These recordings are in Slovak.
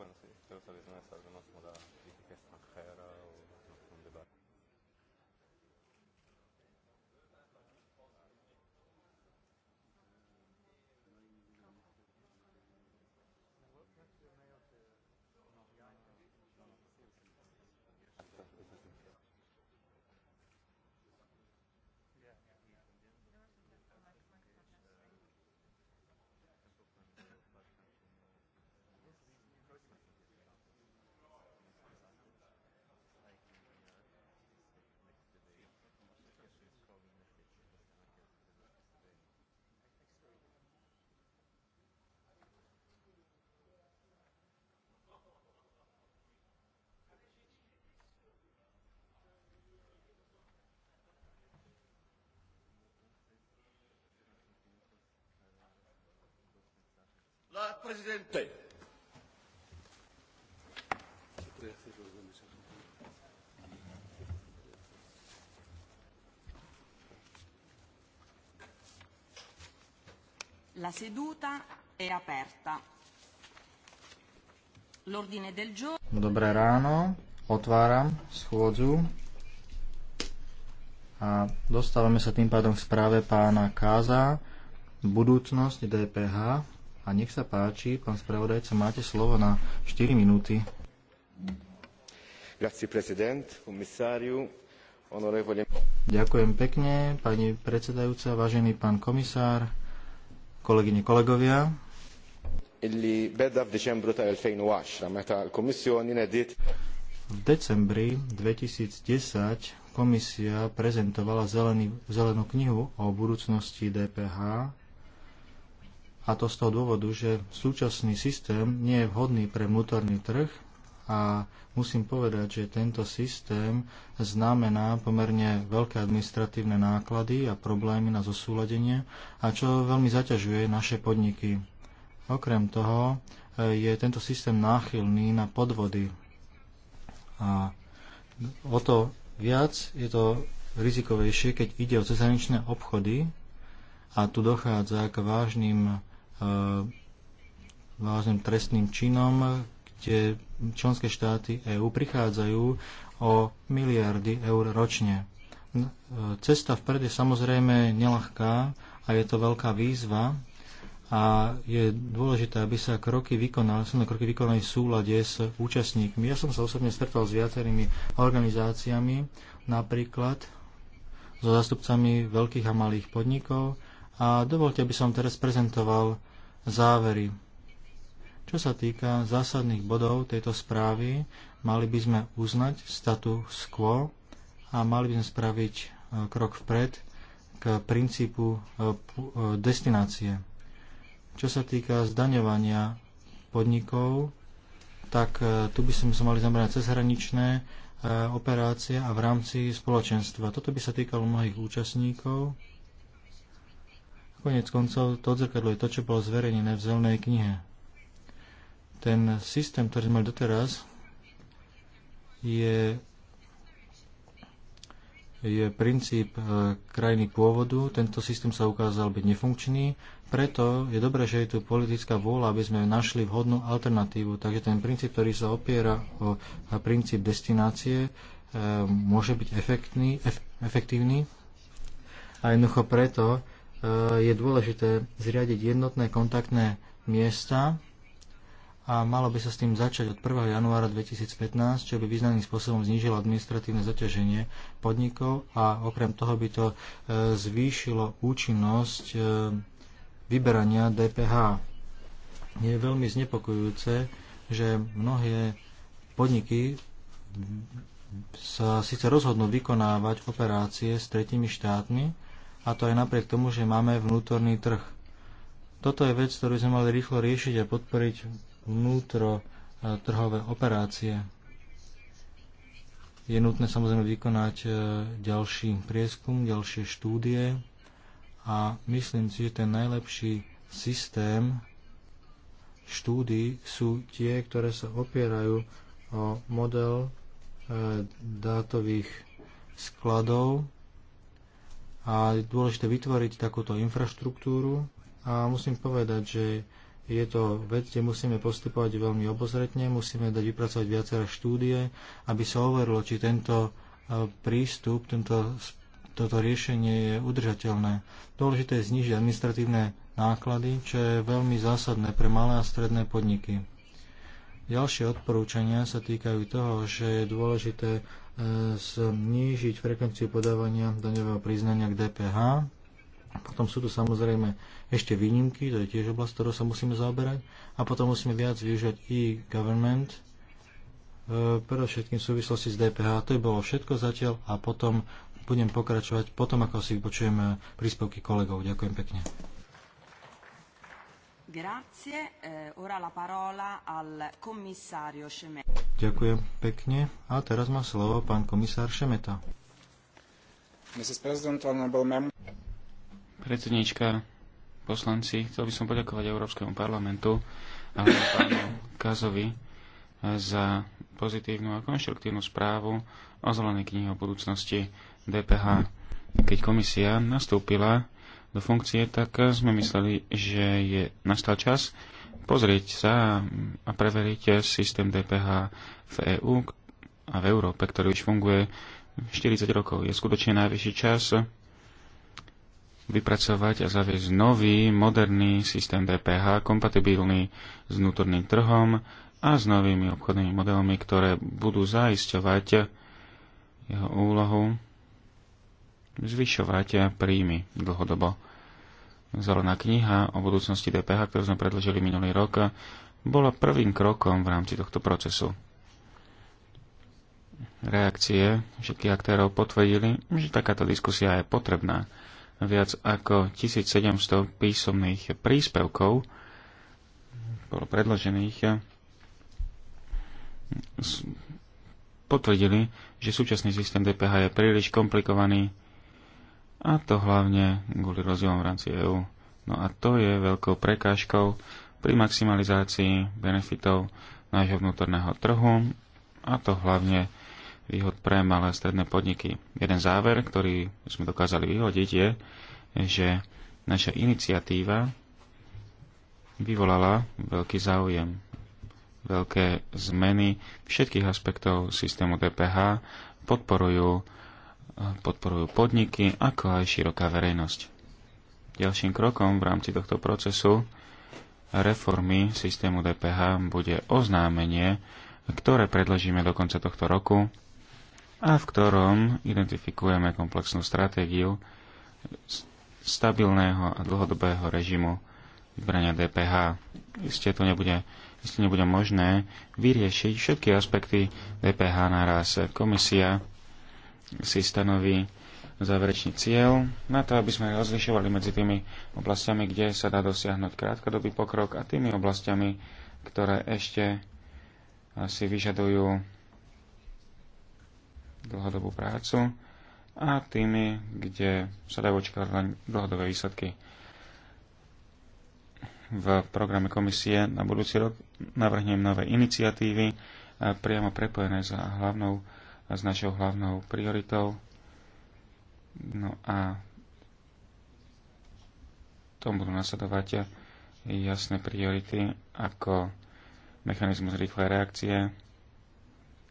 Bueno, sí, creo que no es necesario, ¿no? Como la crítica extranjera o la Presidente. La seduta è aperta. L'ordine del giorno. Dobré ráno, otváram schôdzu a dostávame sa tým pádom k správe pána Káza budúcnosť DPH a nech sa páči, pán spravodajca, máte slovo na 4 minúty. Ďakujem pekne, pani predsedajúca, vážený pán komisár, kolegyne, kolegovia. V decembri 2010 komisia prezentovala zelenú knihu o budúcnosti DPH a to z toho dôvodu, že súčasný systém nie je vhodný pre vnútorný trh a musím povedať, že tento systém znamená pomerne veľké administratívne náklady a problémy na zosúladenie a čo veľmi zaťažuje naše podniky. Okrem toho e, je tento systém náchylný na podvody a o to viac je to rizikovejšie, keď ide o cezhraničné obchody a tu dochádza k vážnym Ehm, vážnym trestným činom, kde členské štáty EÚ prichádzajú o miliardy eur ročne. E, cesta vpred je samozrejme nelahká a je to veľká výzva a je dôležité, aby sa kroky vykonali, sú kroky vykonali v súlade s účastníkmi. Ja som sa osobne stretol s viacerými organizáciami, napríklad so zástupcami veľkých a malých podnikov a dovolte, aby som teraz prezentoval závery. Čo sa týka zásadných bodov tejto správy, mali by sme uznať status quo a mali by sme spraviť e, krok vpred k princípu e, e, destinácie. Čo sa týka zdaňovania podnikov, tak tu by sme sa mali zamerať cezhraničné operácie a v rámci spoločenstva. Toto by sa týkalo mnohých účastníkov Konec koncov to odzrkadlo je to, čo bolo zverejnené v zelenej knihe. Ten systém, ktorý sme mali doteraz, je, je princíp e, krajiny pôvodu. Tento systém sa ukázal byť nefunkčný, preto je dobré, že je tu politická vôľa, aby sme našli vhodnú alternatívu. Takže ten princíp, ktorý sa opiera o princíp destinácie, e, môže byť efektný, ef, efektívny. A jednoducho preto Eh, je dôležité zriadiť jednotné kontaktné miesta a malo by sa s tým začať od 1. januára 2015, čo by významným spôsobom znížilo administratívne zaťaženie podnikov a okrem toho by to eh, zvýšilo účinnosť eh, vyberania DPH. Je veľmi znepokojujúce, že mnohé podniky sa síce rozhodnú vykonávať operácie s tretími štátmi, a to aj napriek tomu, že máme vnútorný trh. Toto je vec, ktorú sme mali rýchlo riešiť a podporiť vnútro e, trhové operácie. Je nutné samozrejme vykonať e, ďalší prieskum, ďalšie štúdie a myslím si, že ten najlepší systém štúdí sú tie, ktoré sa opierajú o model e, dátových skladov a je dôležité vytvoriť takúto infraštruktúru a musím povedať, že je to vec, kde musíme postupovať veľmi obozretne, musíme dať vypracovať viaceré štúdie, aby sa overilo, či tento e, prístup, tento, toto riešenie je udržateľné. Dôležité je znižiť administratívne náklady, čo je veľmi zásadné pre malé a stredné podniky. Ďalšie odporúčania sa týkajú toho, že je dôležité e, znížiť frekvenciu podávania daňového priznania k DPH. Potom sú tu samozrejme ešte výnimky, to je tiež oblasť, ktorou sa musíme zaoberať. A potom musíme viac využívať e-government, e, predovšetkým v súvislosti s DPH. To je bolo všetko zatiaľ a potom budem pokračovať potom, ako si počujem príspevky kolegov. Ďakujem pekne. Grazie. Eh, ora la parola al commissario Šemeta. Ďakujem pekne. A teraz má slovo pán komisár Šemeta. Predsednička, poslanci, chcel by som poďakovať Európskemu parlamentu a pánu Kazovi eh, za pozitívnu a konštruktívnu správu o zelenej knihe o budúcnosti DPH. Keď komisia nastúpila do funkcie, tak sme mysleli, že je nastal čas pozrieť sa a preveriť systém DPH v EÚ a v Európe, ktorý už funguje 40 rokov. Je skutočne najvyšší čas vypracovať a zaviesť nový, moderný systém DPH, kompatibilný s vnútorným trhom a s novými obchodnými modelmi, ktoré budú zaisťovať jeho úlohu zvyšovať príjmy dlhodobo. Zelená kniha o budúcnosti DPH, ktorú sme predložili minulý rok, bola prvým krokom v rámci tohto procesu. Reakcie všetkých aktérov potvrdili, že takáto diskusia je potrebná. Viac ako 1700 písomných príspevkov bolo predložených potvrdili, že súčasný systém DPH je príliš komplikovaný a to hlavne kvôli rozdielom v rámci EÚ. No a to je veľkou prekážkou pri maximalizácii benefitov nášho vnútorného trhu a to hlavne výhod pre malé a stredné podniky. Jeden záver, ktorý sme dokázali vyhodiť, je, že naša iniciatíva vyvolala veľký záujem, veľké zmeny všetkých aspektov systému DPH podporujú podporujú podniky, ako aj široká verejnosť. Ďalším krokom v rámci tohto procesu reformy systému DPH bude oznámenie, ktoré predložíme do konca tohto roku a v ktorom identifikujeme komplexnú stratégiu stabilného a dlhodobého režimu vybrania DPH. Isté to nebude, isté nebude možné vyriešiť všetky aspekty DPH naraz. Komisia si stanoví záverečný cieľ na to, aby sme rozlišovali medzi tými oblastiami, kde sa dá dosiahnuť krátkodobý pokrok a tými oblastiami, ktoré ešte si vyžadujú dlhodobú prácu a tými, kde sa dajú očakávať len dlhodobé výsledky. V programe komisie na budúci rok navrhnem nové iniciatívy priamo prepojené za hlavnou s našou hlavnou prioritou. No a tom budú nasledovať jasné priority ako mechanizmus rýchlej reakcie,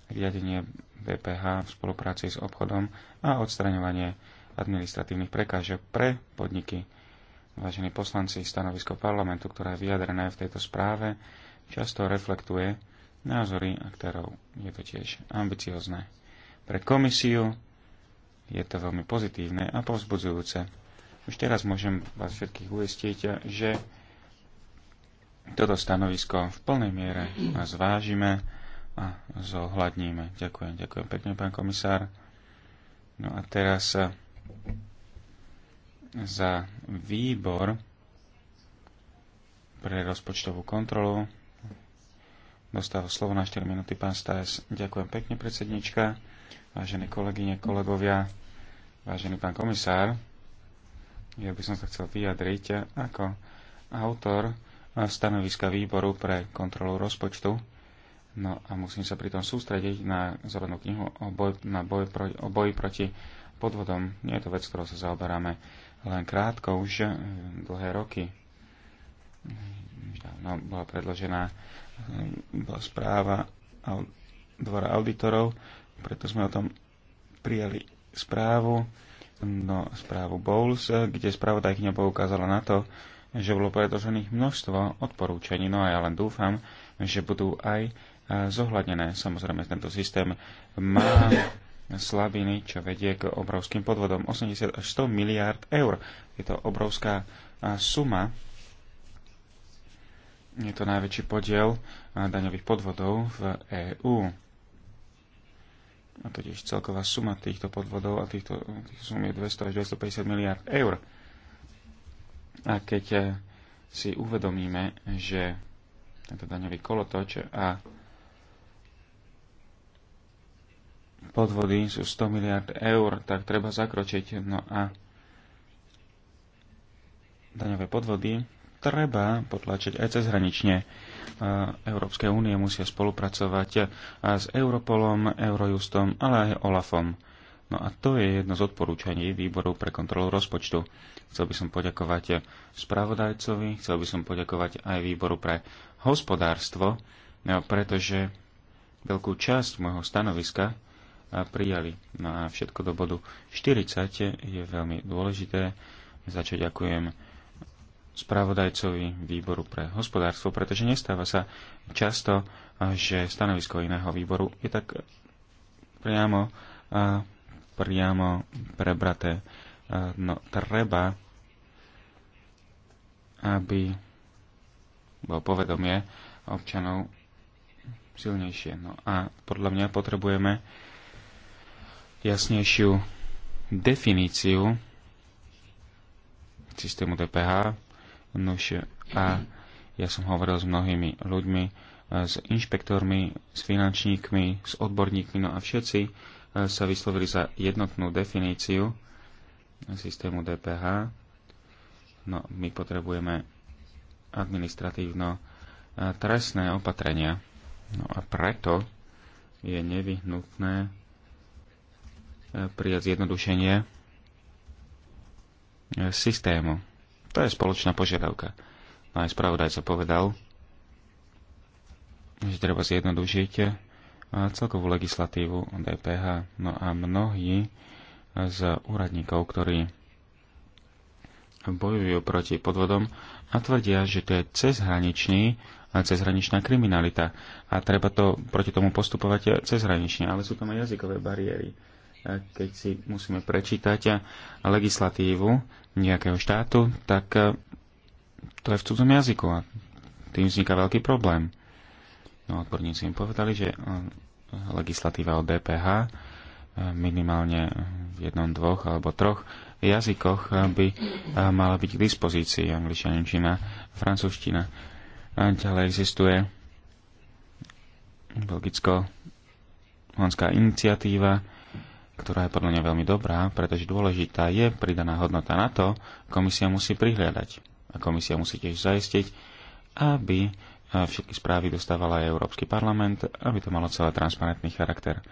riadenie BPH v spolupráci s obchodom a odstraňovanie administratívnych prekážok pre podniky. Vážení poslanci, stanovisko parlamentu, ktoré je vyjadrené v tejto správe, často reflektuje názory aktérov. Je to tiež ambiciozne pre komisiu. Je to veľmi pozitívne a povzbudzujúce. Už teraz môžem vás všetkých uistiť, že toto stanovisko v plnej miere zvážime a zohľadníme. Ďakujem, ďakujem pekne, pán komisár. No a teraz eh, za výbor pre rozpočtovú kontrolu dostáva slovo na 4 minúty pán Stajs. Ďakujem pekne, predsednička vážené kolegyne, kolegovia, vážený pán komisár. Ja by som sa chcel vyjadriť ako autor stanoviska výboru pre kontrolu rozpočtu. No a musím sa pritom sústrediť na zelenú knihu o, boj, na boj pro, o boji proti podvodom. Nie je to vec, ktorou sa zaoberáme len krátko, už eh, dlhé roky. No, bola predložená eh, bola správa dvora auditorov, preto sme o tom prijali správu, no správu Bowles, kde spravodajkňa poukázala na to, že bolo predložených množstvo odporúčaní, no a ja len dúfam, že budú aj e, zohľadnené. Samozrejme, tento systém má slabiny, čo vedie k obrovským podvodom. 80 až 100 miliárd eur. Je to obrovská e, suma. Je to najväčší podiel e, daňových podvodov v EÚ a totiž celková suma týchto podvodov a týchto, týchto sum je 200 až 250 miliard eur. A keď eh, si uvedomíme, že tento daňový kolotoč a podvody sú 100 miliard eur, tak treba zakročiť. No a daňové podvody treba potlačiť aj cezhranične. Európske únie musia spolupracovať s Europolom, Eurojustom, ale aj Olafom. No a to je jedno z odporúčaní výboru pre kontrolu rozpočtu. Chcel by som poďakovať spravodajcovi, chcel by som poďakovať aj výboru pre hospodárstvo, pretože veľkú časť môjho stanoviska prijali. No a všetko do bodu 40 je veľmi dôležité, za čo ďakujem spravodajcovi výboru pre hospodárstvo, pretože nestáva sa často, že stanovisko iného výboru je tak e, priamo, priamo prebraté. No, treba, aby bolo povedomie občanov silnejšie. No a podľa mňa potrebujeme jasnejšiu definíciu systému DPH, Nuž a ja som hovoril s mnohými ľuďmi, e, s inšpektormi, s finančníkmi, s odborníkmi, no a všetci e, sa vyslovili za jednotnú definíciu systému DPH. No, my potrebujeme administratívno e, trestné opatrenia. No a preto je nevyhnutné prijať zjednodušenie systému. To je spoločná požiadavka. No aj spravodajca povedal, že treba zjednodušiť eh, celkovú legislatívu DPH. No a mnohí eh, z úradníkov, ktorí bojujú proti podvodom a tvrdia, že to je cezhraničný a eh, cezhraničná kriminalita a treba to proti tomu postupovať cezhranične, ale sú tam aj jazykové bariéry keď si musíme prečítať legislatívu nejakého štátu, tak e, to je v cudzom jazyku a tým vzniká veľký problém. No odborníci im povedali, že e, legislatíva o DPH e, minimálne v jednom, dvoch alebo troch jazykoch by mala byť k dispozícii angličančina, francúzština. Ďalej existuje belgicko honská iniciatíva, ktorá je podľa mňa veľmi dobrá, pretože dôležitá je pridaná hodnota na to, komisia musí prihliadať. A komisia musí tiež zaistiť, aby e, všetky správy dostávala aj Európsky parlament, aby to malo celé transparentný charakter.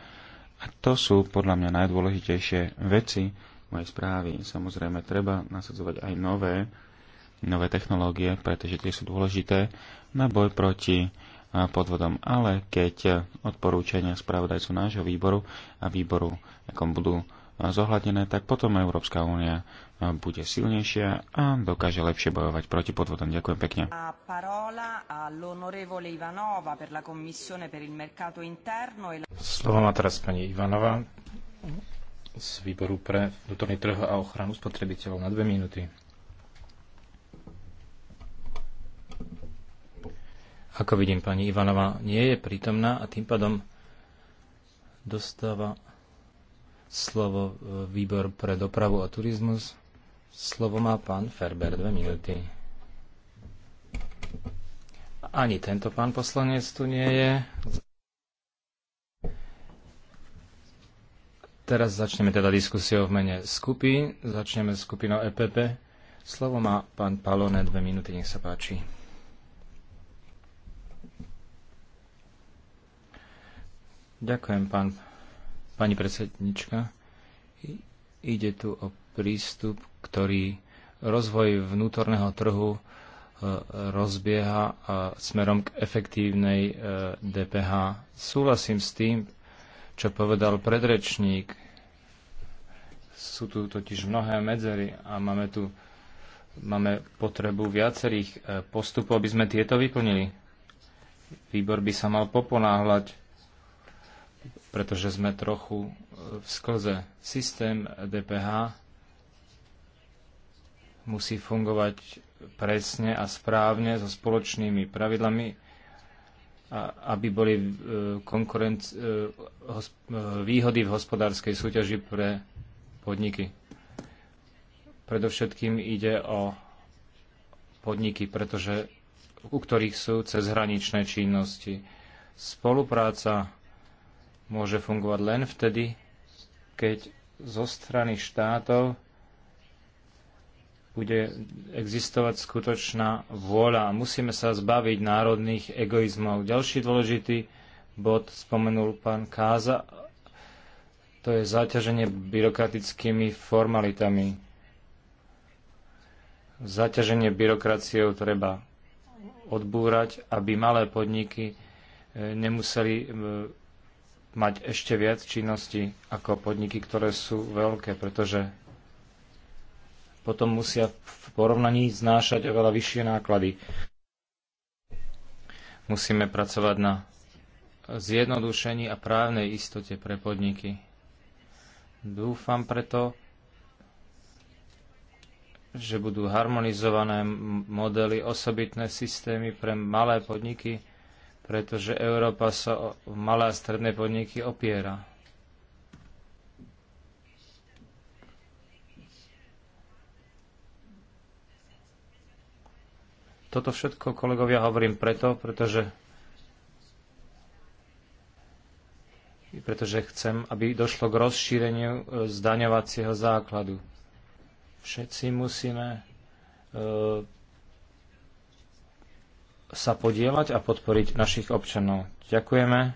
A to sú podľa mňa najdôležitejšie veci mojej správy. Samozrejme, treba nasadzovať aj nové, nové technológie, pretože tie sú dôležité na boj proti e, podvodom. Ale keď odporúčania spravodajcu nášho výboru a výboru akom budú zohľadnené, tak potom Európska únia bude silnejšia a dokáže lepšie bojovať proti podvodom. Ďakujem pekne. E Slovo má teraz pani Ivanova z výboru pre vnútorný trh a ochranu spotrebiteľov na dve minúty. Ako vidím, pani Ivanova nie je prítomná a tým pádom dostáva slovo e, výbor pre dopravu a turizmus. Slovo má pán Ferber, dve minúty. Ani tento pán poslanec tu nie je. Teraz začneme teda diskusiu v mene skupín. Začneme skupinou EPP. Slovo má pán Palone, dve minúty, nech sa páči. Ďakujem, pán Pani predsednička, ide tu o prístup, ktorý rozvoj vnútorného trhu e, rozbieha smerom k efektívnej e, DPH. Súhlasím s tým, čo povedal predrečník. Sú tu totiž mnohé medzery a máme tu máme potrebu viacerých e, postupov, aby sme tieto vyplnili. Výbor by sa mal poponáhľať pretože sme trochu e, v sklze. Systém DPH musí fungovať presne a správne so spoločnými pravidlami, aby boli e, e, výhody v hospodárskej súťaži pre podniky. Predovšetkým ide o podniky, pretože u ktorých sú cezhraničné činnosti. Spolupráca môže fungovať len vtedy, keď zo strany štátov bude existovať skutočná vôľa. Musíme sa zbaviť národných egoizmov. Ďalší dôležitý bod spomenul pán Káza, to je zaťaženie byrokratickými formalitami. Zaťaženie byrokraciou treba odbúrať, aby malé podniky eh, nemuseli eh, mať ešte viac činnosti ako podniky, ktoré sú veľké, pretože potom musia v porovnaní znášať oveľa vyššie náklady. Musíme pracovať na zjednodušení a právnej istote pre podniky. Dúfam preto, že budú harmonizované modely, osobitné systémy pre malé podniky, pretože Európa sa o malé a stredné podniky opiera. Toto všetko, kolegovia, hovorím preto, pretože pretože chcem, aby došlo k rozšíreniu e, zdaňovacieho základu. Všetci musíme e, sa podielať a podporiť našich občanov. Ďakujeme.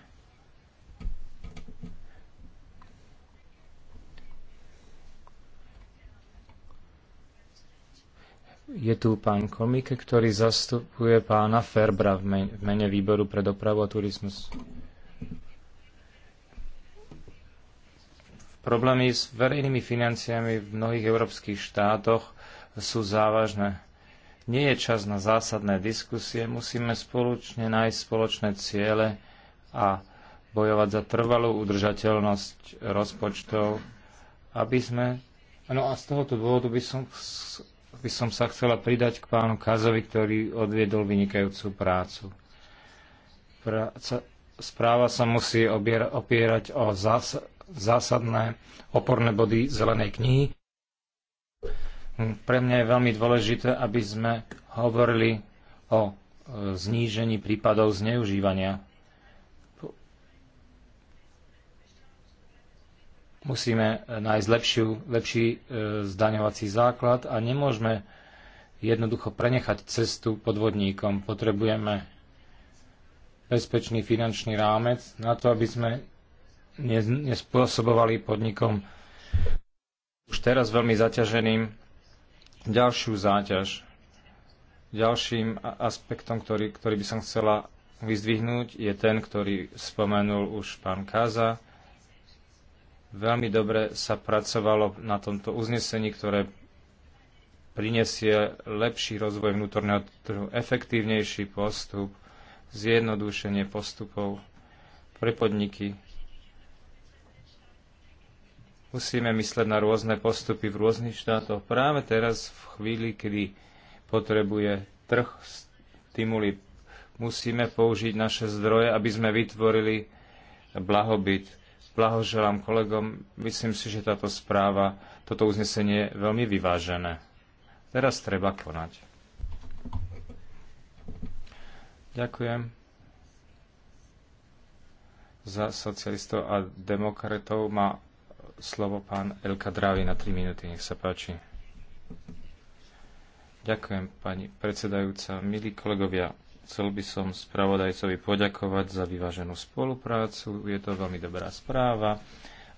Je tu pán Komike, ktorý zastupuje pána Ferbra v mene výboru pre dopravu a turizmus. Problémy s verejnými financiami v mnohých európskych štátoch sú závažné nie je čas na zásadné diskusie, musíme spoločne nájsť spoločné ciele a bojovať za trvalú udržateľnosť rozpočtov, aby sme... No a z tohoto dôvodu by som, by som sa chcela pridať k pánu Kazovi, ktorý odviedol vynikajúcu prácu. Práca, správa sa musí obiera, opierať o zás, zásadné oporné body zelenej knihy pre mňa je veľmi dôležité, aby sme hovorili o e, znížení prípadov zneužívania. Musíme nájsť lepšiu, lepší e, zdaňovací základ a nemôžeme jednoducho prenechať cestu podvodníkom. Potrebujeme bezpečný finančný rámec na to, aby sme nespôsobovali podnikom už teraz veľmi zaťaženým ďalšiu záťaž. Ďalším aspektom, ktorý, ktorý by som chcela vyzdvihnúť, je ten, ktorý spomenul už pán Káza. Veľmi dobre sa pracovalo na tomto uznesení, ktoré prinesie lepší rozvoj vnútorného trhu, efektívnejší postup, zjednodušenie postupov pre podniky, Musíme mysleť na rôzne postupy v rôznych štátoch. Práve teraz, v chvíli, kedy potrebuje trh stimuli, musíme použiť naše zdroje, aby sme vytvorili blahobyt. Blahoželám kolegom, myslím si, že táto správa, toto uznesenie je veľmi vyvážené. Teraz treba konať. Ďakujem za socialistov a demokratov má slovo pán Elka Drávi na 3 minúty. Nech sa páči. Ďakujem, pani predsedajúca. Milí kolegovia, chcel by som spravodajcovi poďakovať za vyváženú spoluprácu. Je to veľmi dobrá správa.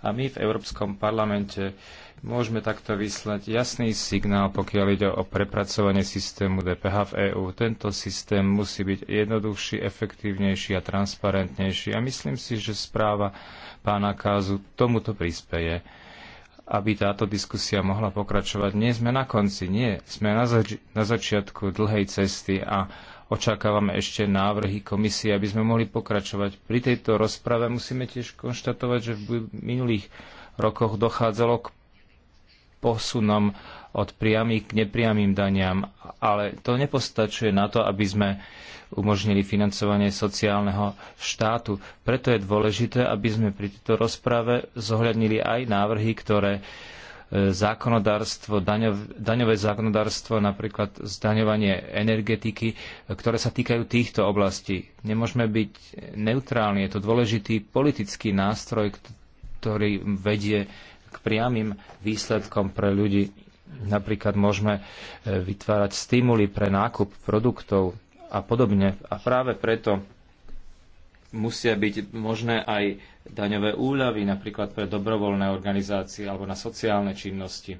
A my v Európskom parlamente môžeme takto vyslať jasný signál, pokiaľ ide o prepracovanie systému DPH v EÚ. Tento systém musí byť jednoduchší, efektívnejší a transparentnejší. A myslím si, že správa pána Kázu tomuto prispeje, aby táto diskusia mohla pokračovať. Nie sme na konci, nie. Sme na, zač- na začiatku dlhej cesty a očakávame ešte návrhy komisie, aby sme mohli pokračovať. Pri tejto rozprave musíme tiež konštatovať, že v minulých rokoch dochádzalo k posunom od priamých k nepriamým daniam, ale to nepostačuje na to, aby sme umožnili financovanie sociálneho štátu. Preto je dôležité, aby sme pri tejto rozprave zohľadnili aj návrhy, ktoré e, zákonodárstvo, daňov, daňové zákonodárstvo, napríklad zdaňovanie energetiky, ktoré sa týkajú týchto oblastí. Nemôžeme byť neutrálni, je to dôležitý politický nástroj, ktorý vedie k priamým výsledkom pre ľudí. Napríklad môžeme e, vytvárať stimuly pre nákup produktov a podobne. A práve preto musia byť možné aj daňové úľavy, napríklad pre dobrovoľné organizácie alebo na sociálne činnosti.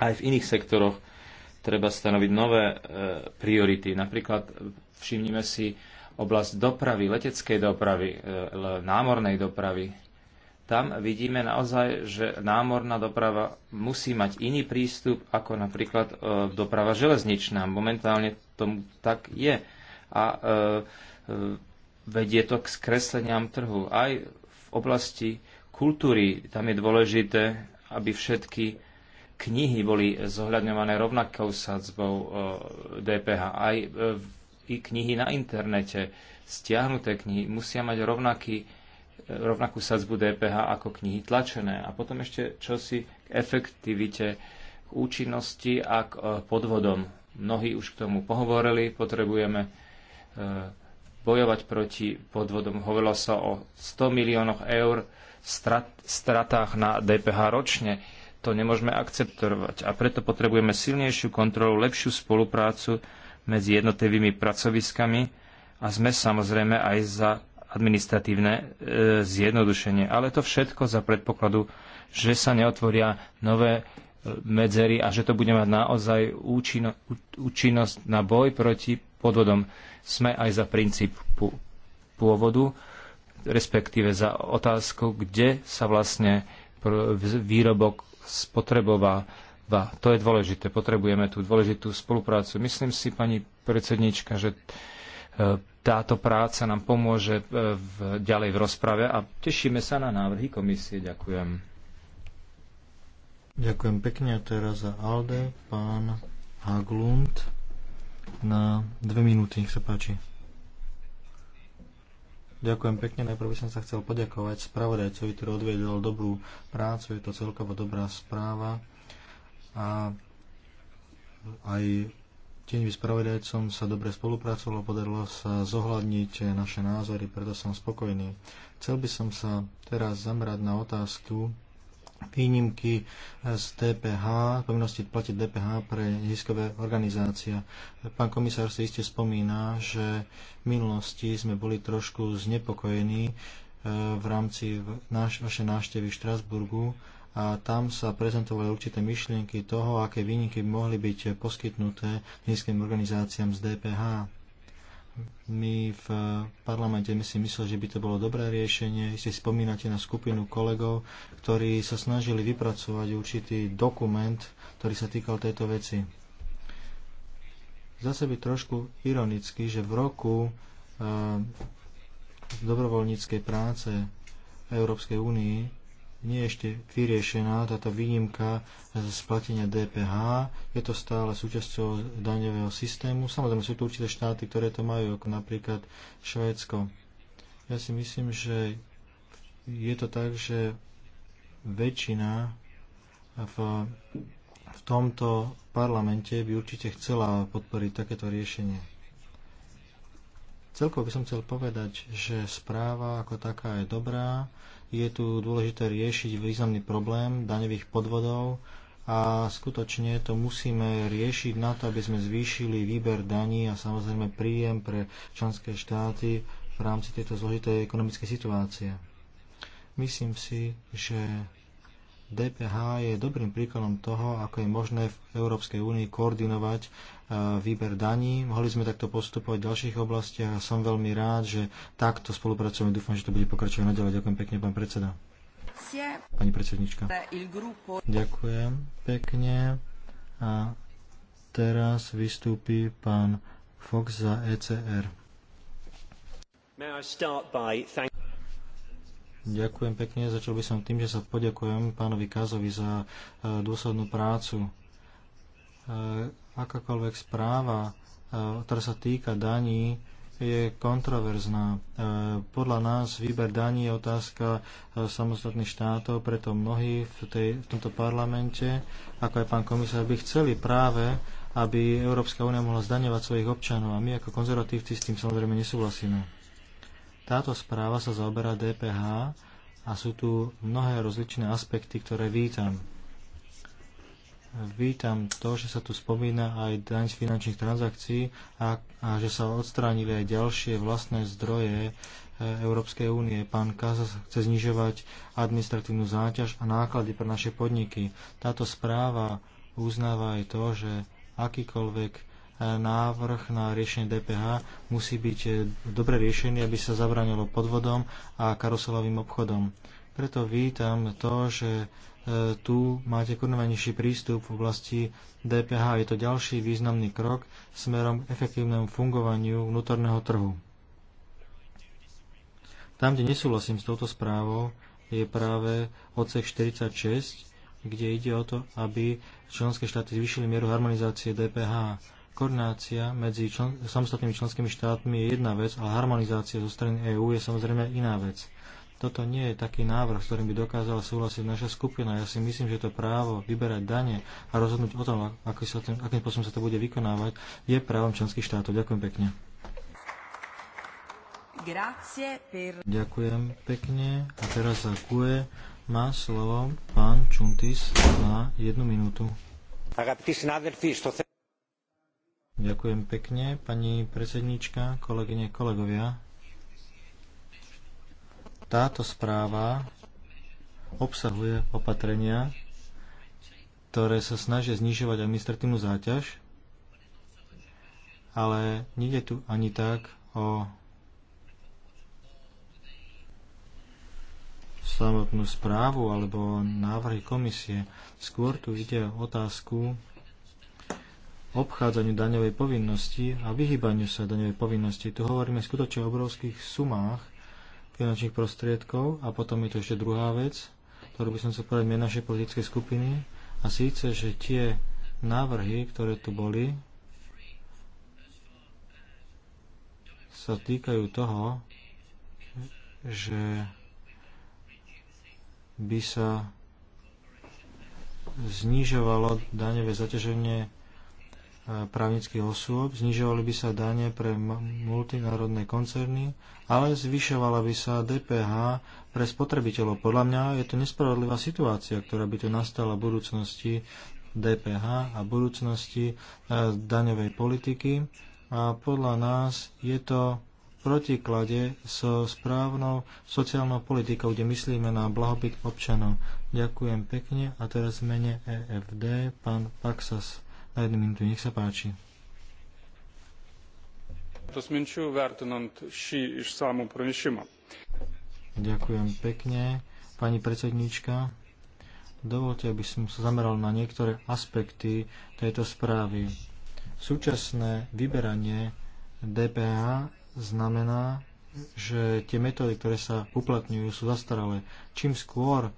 Aj v iných sektoroch treba stanoviť nové e, priority. Napríklad e, všimnime si oblasť dopravy, leteckej dopravy, e, námornej dopravy tam vidíme naozaj, že námorná doprava musí mať iný prístup ako napríklad e, doprava železničná. Momentálne tomu tak je. A e, e, vedie to k skresleniam trhu. Aj v oblasti kultúry tam je dôležité, aby všetky knihy boli zohľadňované rovnakou sadzbou DPH. Aj i knihy na internete, stiahnuté knihy musia mať rovnaký rovnakú sadzbu DPH ako knihy tlačené. A potom ešte čosi k efektivite, k účinnosti a k e, podvodom. Mnohí už k tomu pohovorili, potrebujeme e, bojovať proti podvodom. Hovorilo sa o 100 miliónoch eur strat, stratách na DPH ročne. To nemôžeme akceptovať a preto potrebujeme silnejšiu kontrolu, lepšiu spoluprácu medzi jednotlivými pracoviskami a sme samozrejme aj za administratívne e, zjednodušenie. Ale to všetko za predpokladu, že sa neotvoria nové e, medzery a že to bude mať naozaj účino, účinnosť na boj proti podvodom. Sme aj za princíp pôvodu, respektíve za otázku, kde sa vlastne výrobok spotreboval. To je dôležité. Potrebujeme tú dôležitú spoluprácu. Myslím si, pani predsednička, že táto práca nám pomôže e, v, ďalej v rozprave a tešíme sa na návrhy komisie. Ďakujem. Ďakujem pekne a teraz za Alde, pán Haglund na dve minúty, nech sa páči. Ďakujem pekne. Najprv by som sa chcel poďakovať spravodajcovi, ktorý odvedol dobrú prácu. Je to celkovo dobrá správa. A aj tieňovým vyspravedajcom sa dobre spolupracovalo, podarilo sa zohľadniť naše názory, preto som spokojný. Chcel by som sa teraz zamerať na otázku výnimky z DPH, povinnosti platiť DPH pre neziskové organizácie. Pán komisár si iste spomína, že v minulosti sme boli trošku znepokojení eh, v rámci vašej návštevy v Štrasburgu a tam sa prezentovali určité myšlienky toho, aké výniky by mohli byť poskytnuté nízkym organizáciám z DPH. My v parlamente my si mysleli, že by to bolo dobré riešenie. Si spomínate na skupinu kolegov, ktorí sa snažili vypracovať určitý dokument, ktorý sa týkal tejto veci. Zase by trošku ironicky, že v roku e, dobrovoľníckej práce Európskej únii nie je ešte vyriešená táto výnimka z platenia DPH. Je to stále súčasťou daňového systému. Samozrejme sú tu určité štáty, ktoré to majú, ako napríklad Švédsko. Ja si myslím, že je to tak, že väčšina v, v tomto parlamente by určite chcela podporiť takéto riešenie. Celkovo by som chcel povedať, že správa ako taká je dobrá je tu dôležité riešiť významný problém daňových podvodov a skutočne to musíme riešiť na to, aby sme zvýšili výber daní a samozrejme príjem pre členské štáty v rámci tejto zložitej ekonomickej situácie. Myslím si, že DPH je dobrým príkladom toho, ako je možné v Európskej únii koordinovať e, výber daní. Mohli sme takto postupovať v ďalších oblastiach a som veľmi rád, že takto spolupracujeme. Dúfam, že to bude pokračovať naďalej. Ďakujem pekne, pán predseda. Pani predsednička. Ďakujem pekne. A teraz vystúpi pán Fox za ECR. Ďakujem pekne. Začal by som tým, že sa poďakujem pánovi Kazovi za e, dôslednú prácu. E, akákoľvek správa, e, ktorá sa týka daní, je kontroverzná. Podľa nás výber daní je otázka samostatných štátov, preto mnohí v, tej, v tomto parlamente, ako aj pán komisár, by chceli práve, aby Európska únia mohla zdaňovať svojich občanov a my ako konzervatívci s tým samozrejme nesúhlasíme. Táto správa sa zaoberá DPH a sú tu mnohé rozličné aspekty, ktoré vítam. Vítam to, že sa tu spomína aj daň z finančných transakcií a, a že sa odstránili aj ďalšie vlastné zdroje e, Európskej únie. Pán Kaza chce znižovať administratívnu záťaž a náklady pre naše podniky. Táto správa uznáva aj to, že akýkoľvek návrh na riešenie DPH musí byť e, dobre riešený, aby sa zabranilo podvodom a karuselovým obchodom. Preto vítam to, že e, tu máte koordinovanejší prístup v oblasti DPH. Je to ďalší významný krok smerom k efektívnemu fungovaniu vnútorného trhu. Tam, kde nesúhlasím s touto správou, je práve odsek 46, kde ide o to, aby členské štáty zvýšili mieru harmonizácie DPH. Koordinácia medzi člen- samostatnými členskými štátmi je jedna vec, ale harmonizácia zo strany EÚ je samozrejme iná vec. Toto nie je taký návrh, s ktorým by dokázala súhlasiť naša skupina. Ja si myslím, že to právo vyberať dane a rozhodnúť o tom, aký sa tým, akým spôsobom sa to bude vykonávať, je právom členských štátov. Ďakujem pekne. Per... Ďakujem pekne. A teraz za QE má slovo pán Čuntis na jednu minútu. Ďakujem pekne, pani predsednička, kolegyne, kolegovia. Táto správa obsahuje opatrenia, ktoré sa snažia znižovať administratívnu záťaž, ale nejde tu ani tak o samotnú správu alebo návrhy komisie. Skôr tu ide otázku obchádzaniu daňovej povinnosti a vyhýbaniu sa daňovej povinnosti. Tu hovoríme skutočne o obrovských sumách finančných prostriedkov a potom je to ešte druhá vec, ktorú by som chcel povedať mene našej politickej skupiny a síce, že tie návrhy, ktoré tu boli, sa týkajú toho, že by sa znižovalo daňové zaťaženie právnických osôb, znižovali by sa dane pre multinárodné koncerny, ale zvyšovala by sa DPH pre spotrebiteľov. Podľa mňa je to nespravodlivá situácia, ktorá by tu nastala v budúcnosti DPH a budúcnosti e, daňovej politiky a podľa nás je to protiklade so správnou sociálnou politikou, kde myslíme na blahobyt občanov. Ďakujem pekne a teraz mene EFD, pán Paxas na jednu minútu. Nech sa páči. Ďakujem pekne, pani predsedníčka. Dovolte, aby som sa zameral na niektoré aspekty tejto správy. Súčasné vyberanie DPH znamená, že tie metódy, ktoré sa uplatňujú, sú zastaralé. Čím skôr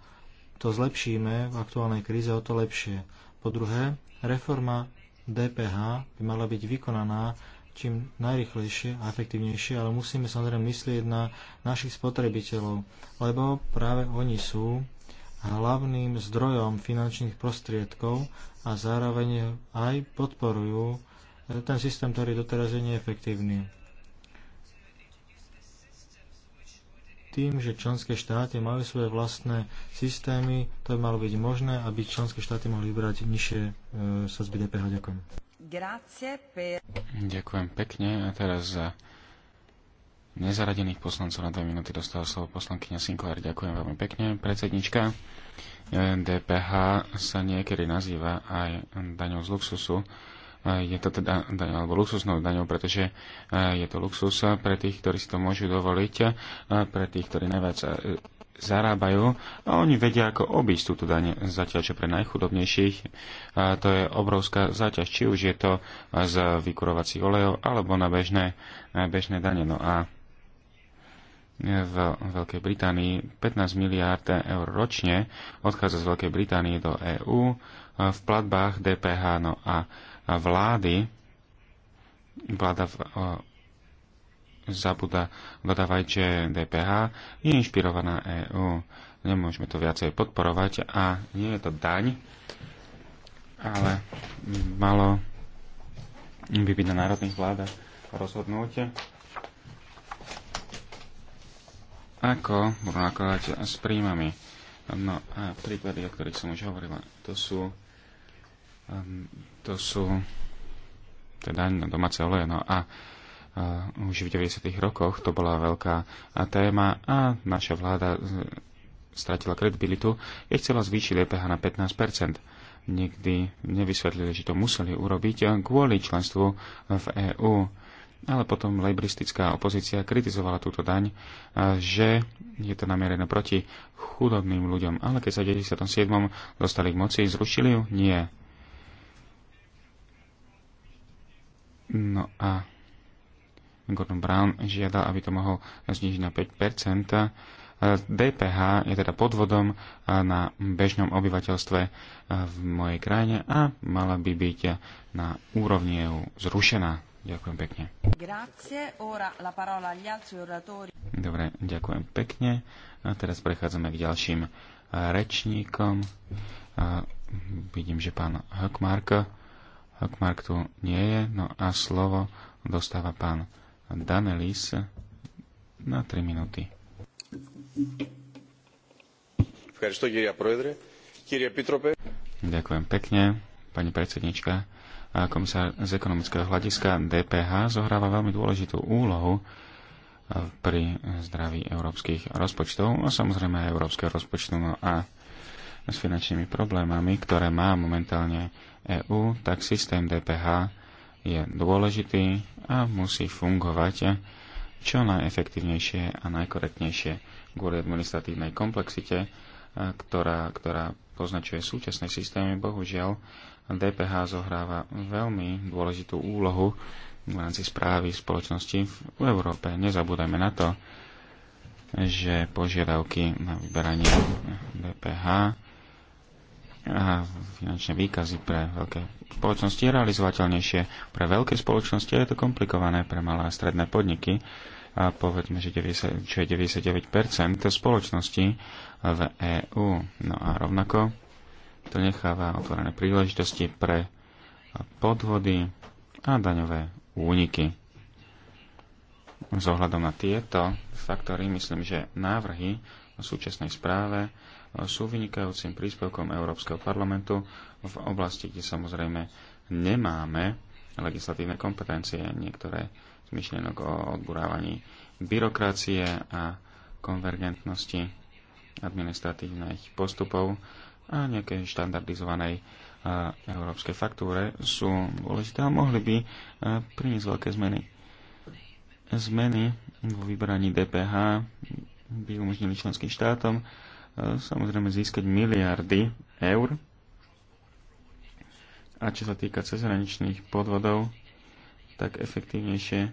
to zlepšíme v aktuálnej kríze, o to lepšie. Po druhé, reforma DPH by mala byť vykonaná čím najrychlejšie a efektívnejšie, ale musíme samozrejme myslieť na našich spotrebiteľov, lebo práve oni sú hlavným zdrojom finančných prostriedkov a zároveň aj podporujú ten systém, ktorý doteraz je neefektívny. tým, že členské štáty majú svoje vlastné systémy, to by malo byť možné, aby členské štáty mohli vybrať nižšie e, sazby DPH. Ďakujem. Ďakujem pekne. A teraz za nezaradených poslancov na dve minúty dostala slovo poslankyňa Sinclair. Ďakujem veľmi pekne. Predsednička e, DPH sa niekedy nazýva aj daňou z luxusu je to teda daň, alebo luxusnou daňou, pretože e, je to luxus e, pre tých, ktorí si to môžu dovoliť, e, pre tých, ktorí najviac zarábajú a oni vedia, ako obísť túto daň zatiaľ, čo pre najchudobnejších. A to je obrovská záťaž, či už je to z vykurovacích olejov alebo na bežné, bežné dane. No a v Veľkej Británii 15 miliárd eur ročne odchádza z Veľkej Británie do EÚ v platbách DPH. No a vlády, vláda v, zabúda dodávať, že DPH je inšpirovaná EÚ. Nemôžeme to viacej podporovať a nie je to daň, ale malo by byť na národných vládach rozhodnúť, ako budú nakladať s príjmami. No a príklady, o ktorých som už hovorila, to sú um, to sú teda domáce oleje. No a uh, už v 90. rokoch to bola veľká téma a naša vláda stratila kredibilitu, keď chcela zvýšiť DPH na 15 Nikdy nevysvetlili, že to museli urobiť kvôli členstvu v EÚ. Ale potom lejbristická opozícia kritizovala túto daň, že je to namierené proti chudobným ľuďom. Ale keď sa v 97. dostali k moci, zrušili ju? Nie No a Gordon Brown žiada, aby to mohol znižiť na 5 DPH je teda podvodom na bežnom obyvateľstve v mojej krajine a mala by byť na úrovni EU zrušená. Ďakujem pekne. Dobre, ďakujem pekne. A teraz prechádzame k ďalším rečníkom. A vidím, že pán Hökmark mark tu nie je, no a slovo dostáva pán Danelis na 3 minúty. Ďakujem pekne, pani predsednička. komisár z ekonomického hľadiska DPH zohráva veľmi dôležitú úlohu pri zdraví európskych rozpočtov a samozrejme aj európskeho rozpočtu. No a s finančnými problémami, ktoré má momentálne EÚ, tak systém DPH je dôležitý a musí fungovať čo najefektívnejšie a najkorektnejšie kvôli administratívnej komplexite, ktorá, ktorá poznačuje súčasné systémy. Bohužiaľ, DPH zohráva veľmi dôležitú úlohu v rámci správy spoločnosti v Európe. Nezabúdajme na to, že požiadavky na vyberanie DPH a finančné výkazy pre veľké spoločnosti je realizovateľnejšie. Pre veľké spoločnosti je to komplikované pre malé a stredné podniky. A povedzme, že 90, čo je 99% spoločnosti v EÚ. No a rovnako to necháva otvorené príležitosti pre podvody a daňové úniky. S ohľadom na tieto faktory myslím, že návrhy v súčasnej správe sú vynikajúcim príspevkom Európskeho parlamentu v oblasti, kde samozrejme nemáme legislatívne kompetencie, niektoré z myšlienok o odburávaní byrokracie a konvergentnosti administratívnych postupov a nejakej štandardizovanej e, európskej faktúre sú dôležité a mohli by e, priniesť veľké zmeny. Zmeny vo vyberaní DPH by umožnili členským štátom samozrejme získať miliardy eur. A čo sa týka cezhraničných podvodov, tak efektívnejšie e,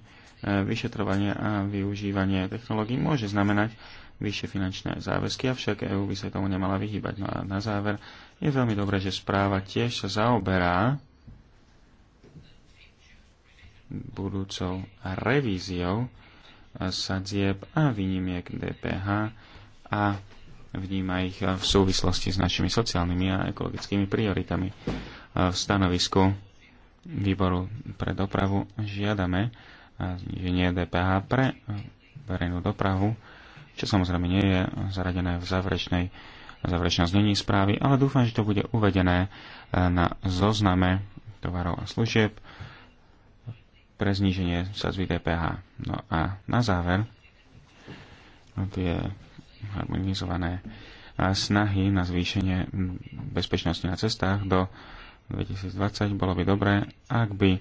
vyšetrovanie a využívanie technológií môže znamenať vyššie finančné záväzky, avšak EÚ by sa tomu nemala vyhýbať. No a na záver je veľmi dobré, že správa tiež sa zaoberá budúcou revíziou e, sadzieb a výnimiek DPH a vníma ich eh, v súvislosti s našimi sociálnymi a ekologickými prioritami. Eh, v stanovisku výboru pre dopravu žiadame eh, zníženie DPH pre verejnú dopravu, čo samozrejme nie je zaradené v záverečnej záverečnom znení správy, ale dúfam, že to bude uvedené na zozname tovarov a služieb pre zníženie sadzby DPH. No a na záver, tu je harmonizované snahy na zvýšenie bezpečnosti na cestách do 2020. Bolo by dobré, ak by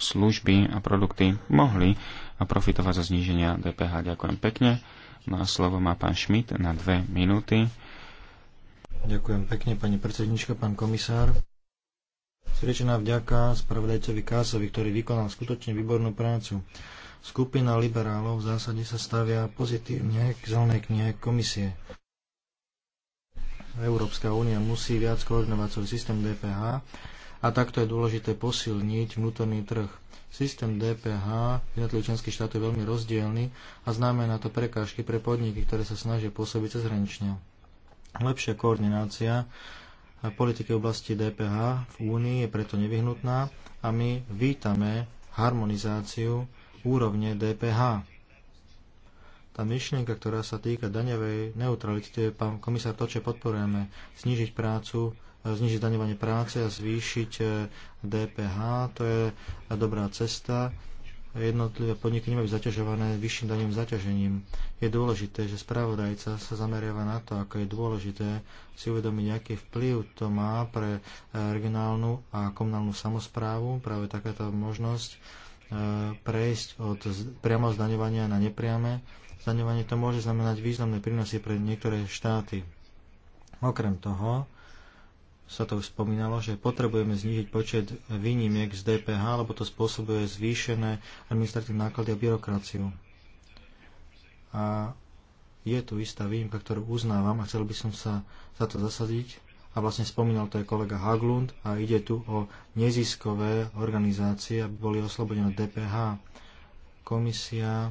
služby a produkty mohli profitovať zo zníženia DPH. Ďakujem pekne. No a slovo má pán Schmidt na dve minúty. Ďakujem pekne, pani predsednička, pán komisár. Srdečná vďaka spravodajcovi Kásovi, ktorý vykonal skutočne výbornú prácu. Skupina liberálov v zásade sa stavia pozitívne k zelenej knihe komisie. Európska únia musí viac koordinovať svoj systém DPH a takto je dôležité posilniť vnútorný trh. Systém DPH v jednotlivých členských štátoch je veľmi rozdielny a znamená to prekážky pre podniky, ktoré sa snažia pôsobiť cezhranične. Lepšia koordinácia politiky v oblasti DPH v Únii je preto nevyhnutná a my vítame harmonizáciu úrovne DPH. Tá myšlienka, ktorá sa týka daňovej neutrality, pán komisár, to, čo podporujeme, znižiť prácu, e, znižiť daňovanie práce a zvýšiť e, DPH, to je dobrá cesta jednotlivé podniky nemajú zaťažované vyšším daňovým zaťažením. Je dôležité, že spravodajca sa zameriava na to, ako je dôležité si uvedomiť, aký vplyv to má pre e, regionálnu a komunálnu samozprávu, práve takáto možnosť E, prejsť od priamo zdaňovania na nepriame zdaňovanie, to môže znamenať významné prínosy pre niektoré štáty. Okrem toho, sa to už spomínalo, že potrebujeme znižiť počet výnimiek z DPH, lebo to spôsobuje zvýšené administratívne náklady a byrokraciu. A je tu istá výnimka, ktorú uznávam a chcel by som sa za to zasadiť a vlastne spomínal to aj kolega Haglund a ide tu o neziskové organizácie, aby boli oslobodené DPH. Komisia e,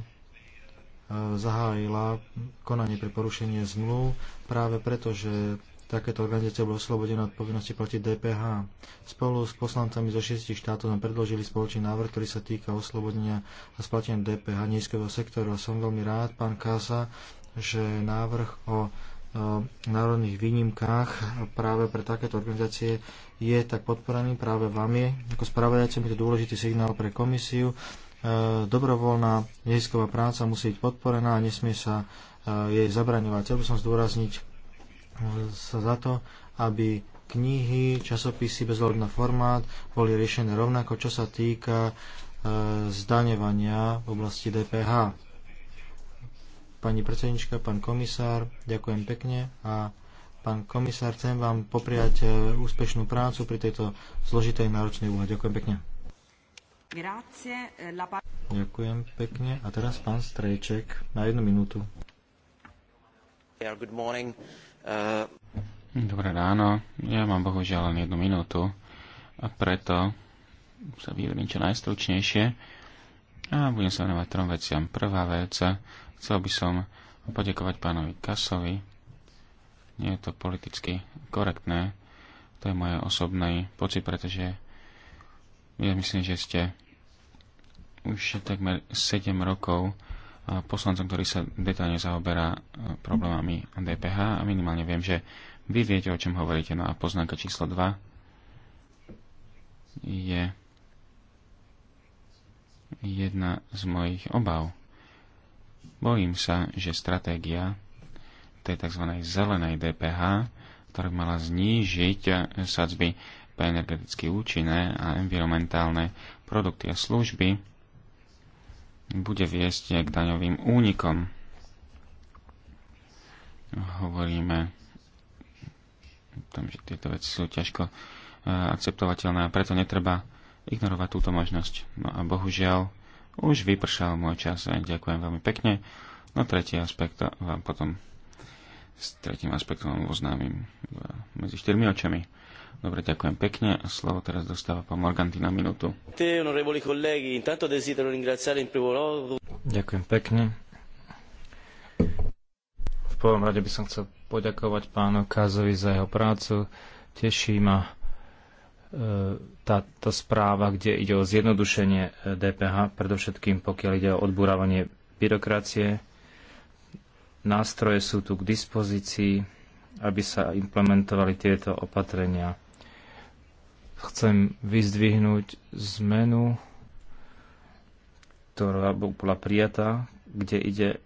zahájila konanie pre porušenie zmluv práve preto, že takéto organizácie boli oslobodené od povinnosti platiť DPH. Spolu s poslancami zo šiestich štátov sme predložili spoločný návrh, ktorý sa týka oslobodenia a splatenia DPH nízkeho sektoru. A som veľmi rád, pán Kasa, že návrh o národných výnimkách práve pre takéto organizácie je tak podporený práve vami. Ako spravodajcom je to dôležitý signál pre komisiu. E, dobrovoľná nezisková práca musí byť podporená a nesmie sa e, jej zabraňovať. Chcel by som zdôrazniť e, sa za to, aby knihy, časopisy bez hľadu na formát boli riešené rovnako, čo sa týka zdaňovania v oblasti DPH pani predsednička, pán komisár, ďakujem pekne a pán komisár, chcem vám popriať e, úspešnú prácu pri tejto zložitej náročnej úlohe. Ďakujem pekne. E, ďakujem pekne. A teraz pán Strejček na jednu minútu. E, Dobré ráno. Ja mám bohužiaľ len jednu minútu a preto sa vyjadrím čo najstručnejšie a budem sa venovať trom veciam. Prvá vec, Chcel by som poďakovať pánovi Kasovi. Nie je to politicky korektné. To je moje osobný pocit, pretože ja myslím, že ste už takmer 7 rokov poslancom, ktorý sa detálne zaoberá e, problémami DPH a minimálne viem, že vy viete, o čom hovoríte. No a poznámka číslo 2 je jedna z mojich obav. Bojím sa, že stratégia tej tzv. zelenej DPH, ktorá mala znížiť sadzby pre energeticky účinné a environmentálne produkty a služby, bude viesť k daňovým únikom. Hovoríme tom, že tieto veci sú ťažko eh, akceptovateľné a preto netreba ignorovať túto možnosť. No a bohužiaľ, už vypršal môj čas, ďakujem veľmi pekne. No tretí aspekt vám potom s tretím aspektom vám oznámim e, medzi štyrmi očami. Dobre, ďakujem pekne. A slovo teraz dostáva pán Morganti na minútu. Ďakujem pekne. V prvom rade by som chcel poďakovať pánu Kazovi za jeho prácu. Teší ma, E, táto správa, kde ide o zjednodušenie e, DPH, predovšetkým pokiaľ ide o odburávanie byrokracie. Nástroje sú tu k dispozícii, aby sa implementovali tieto opatrenia. Chcem vyzdvihnúť zmenu, ktorá bola prijatá, kde ide e,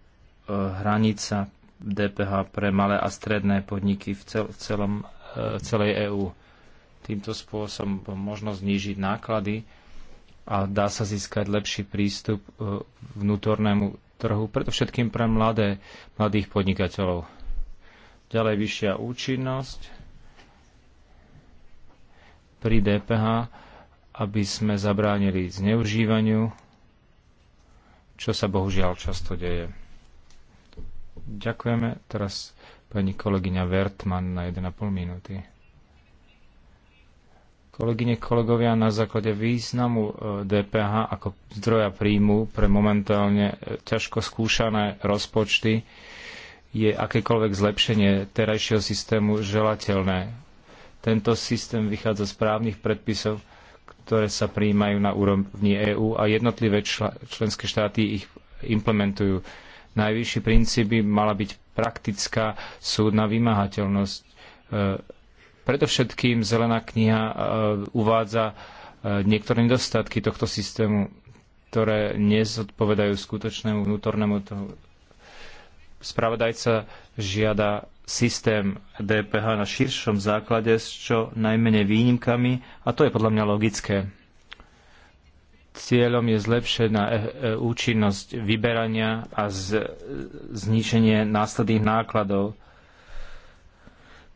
hranica DPH pre malé a stredné podniky v, cel, v celom, v celej EÚ Týmto spôsobom možno znížiť náklady a dá sa získať lepší prístup e, vnútornému trhu, predovšetkým pre mladé, mladých podnikateľov. Ďalej vyššia účinnosť pri DPH, aby sme zabránili zneužívaniu, čo sa bohužiaľ často deje. Ďakujeme. Teraz pani kolegyňa Vertman na 1,5 minúty. Kolegyne, kolegovia, na základe významu e, DPH ako zdroja príjmu pre momentálne e, ťažko skúšané rozpočty je akékoľvek zlepšenie terajšieho systému želateľné. Tento systém vychádza z právnych predpisov, ktoré sa prijímajú na úrovni EÚ a jednotlivé čl členské štáty ich implementujú. Najvyšší princíp by mala byť praktická súdna vymáhateľnosť e Predovšetkým zelená kniha e, uvádza e, niektoré nedostatky tohto systému, ktoré nezodpovedajú skutočnému vnútornému toho. Spravodajca žiada systém DPH na širšom základe s čo najmenej výnimkami a to je podľa mňa logické. Cieľom je zlepšená e- e- účinnosť vyberania a z- e, následných nákladov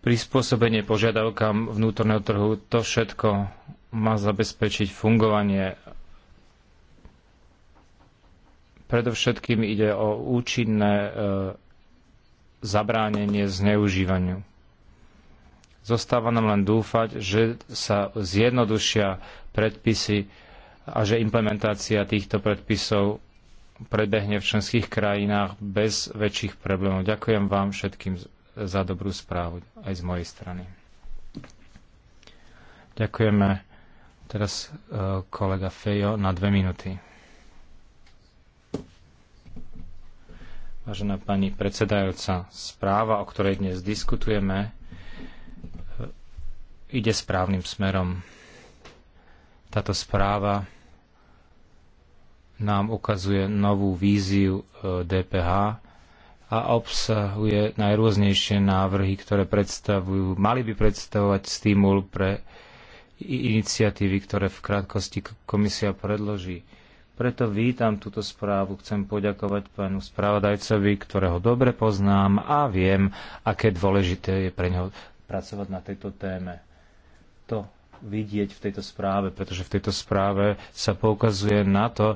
prispôsobenie požiadavkám vnútorného trhu, to všetko má zabezpečiť fungovanie. Predovšetkým ide o účinné e, zabránenie zneužívaniu. Zostáva nám len dúfať, že sa zjednodušia predpisy a že implementácia týchto predpisov prebehne v členských krajinách bez väčších problémov. Ďakujem vám všetkým za dobrú správu aj z mojej strany. Ďakujeme. Teraz e, kolega Fejo na dve minúty. Vážená pani predsedajúca, správa, o ktorej dnes diskutujeme, e, ide správnym smerom. Táto správa nám ukazuje novú víziu e, DPH a obsahuje najrôznejšie návrhy, ktoré predstavujú, mali by predstavovať stimul pre iniciatívy, ktoré v krátkosti komisia predloží. Preto vítam túto správu, chcem poďakovať pánu spravodajcovi, ktorého dobre poznám a viem, aké dôležité je pre neho pracovať na tejto téme. To vidieť v tejto správe, pretože v tejto správe sa poukazuje na to,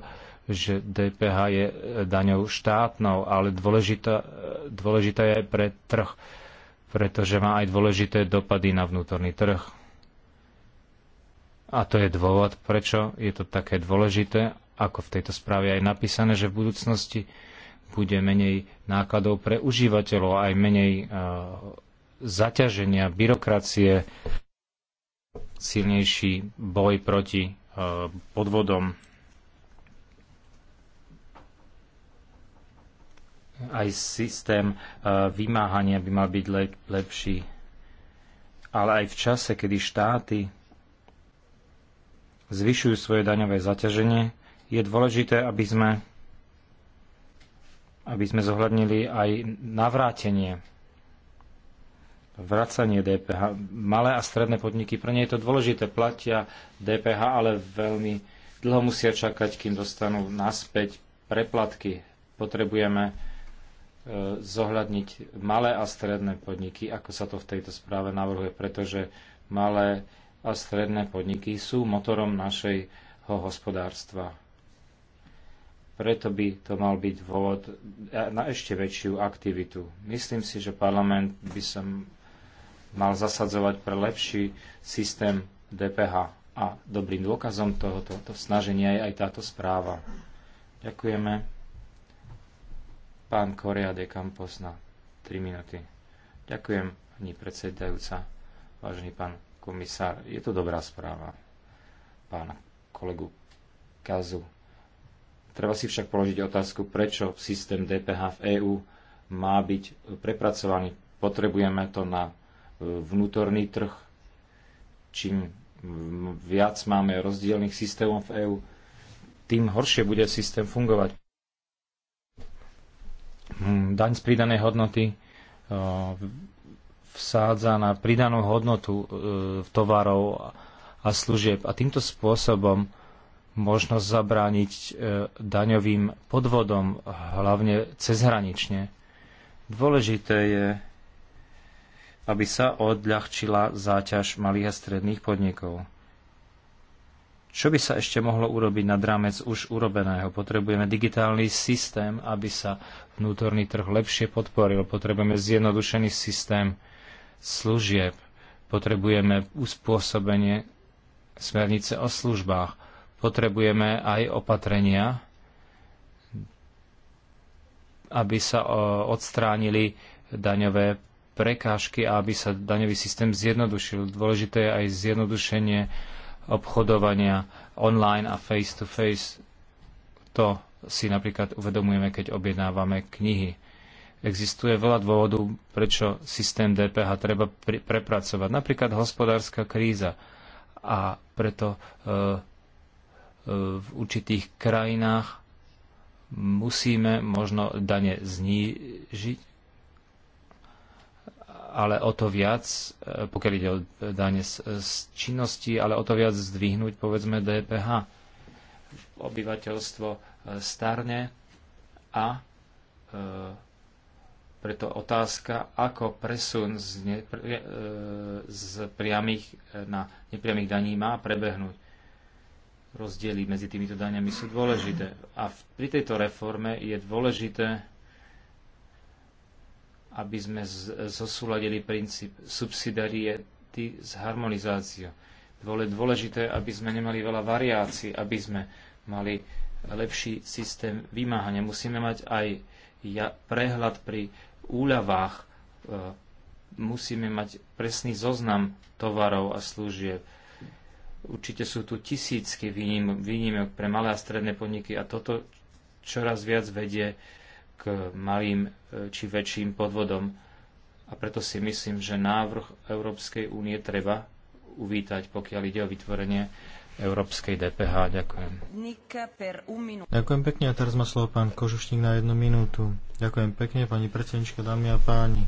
že DPH je e, daňou štátnou, ale dôležitá, e, dôležitá je aj pre trh, pretože má aj dôležité dopady na vnútorný trh. A to je dôvod, prečo je to také dôležité, ako v tejto správe aj napísané, že v budúcnosti bude menej nákladov pre užívateľov, aj menej e, zaťaženia, byrokracie, silnejší boj proti podvodom aj systém e, vymáhania by mal byť lepší. Ale aj v čase, kedy štáty zvyšujú svoje daňové zaťaženie, je dôležité, aby sme, aby sme zohľadnili aj navrátenie, vracanie DPH. Malé a stredné podniky, pre ne je to dôležité, platia DPH, ale veľmi dlho musia čakať, kým dostanú naspäť preplatky. Potrebujeme zohľadniť malé a stredné podniky, ako sa to v tejto správe navrhuje, pretože malé a stredné podniky sú motorom našejho hospodárstva. Preto by to mal byť dôvod na ešte väčšiu aktivitu. Myslím si, že parlament by sa mal zasadzovať pre lepší systém DPH. A dobrým dôkazom tohoto snaženia je aj táto správa. Ďakujeme. Pán Korea de Campos na 3 minúty. Ďakujem, pani predsedajúca, vážený pán komisár. Je to dobrá správa pána kolegu Kazu. Treba si však položiť otázku, prečo systém DPH v EÚ má byť prepracovaný. Potrebujeme to na e, vnútorný trh. Čím viac máme rozdielných systémov v EÚ, tým horšie bude systém fungovať. Hm, daň z pridanej hodnoty vsádza na pridanú hodnotu e, tovarov a služieb. A týmto spôsobom možno zabrániť e, daňovým podvodom, hlavne cezhranične. Dôležité je, aby sa odľahčila záťaž malých a stredných podnikov. Čo by sa ešte mohlo urobiť nad rámec už urobeného? Potrebujeme digitálny systém, aby sa vnútorný trh lepšie podporil. Potrebujeme zjednodušený systém služieb. Potrebujeme uspôsobenie smernice o službách. Potrebujeme aj opatrenia, aby sa odstránili daňové prekážky a aby sa daňový systém zjednodušil. Dôležité je aj zjednodušenie obchodovania online a face-to-face. -to, si napríklad uvedomujeme, keď objednávame knihy. Existuje veľa dôvodov, prečo systém DPH treba prepracovať. Napríklad hospodárska kríza. A preto e, e, v určitých krajinách musíme možno dane znížiť, ale o to viac, e, pokiaľ ide o e, dane z, e, z činnosti, ale o to viac zdvihnúť, povedzme, DPH. Obyvateľstvo starne a e, preto otázka, ako presun z, ne, e, z priamých na nepriamých daní má prebehnúť. Rozdiely medzi týmito daniami sú dôležité. A v, pri tejto reforme je dôležité aby sme zosúladili princíp subsidiarity s harmonizáciou. Bolo dôležité, aby sme nemali veľa variácií, aby sme mali lepší systém vymáhania. Musíme mať aj prehľad pri úľavách, e, musíme mať presný zoznam tovarov a služieb. Určite sú tu tisícky výnimok pre malé a stredné podniky a toto čoraz viac vedie k malým e, či väčším podvodom. A preto si myslím, že návrh Európskej únie treba uvítať, pokiaľ ide o vytvorenie európskej DPH. Ďakujem. Ďakujem pekne a teraz má slovo pán Kožušník na jednu minútu. Ďakujem pekne, pani predsednička, dámy a páni.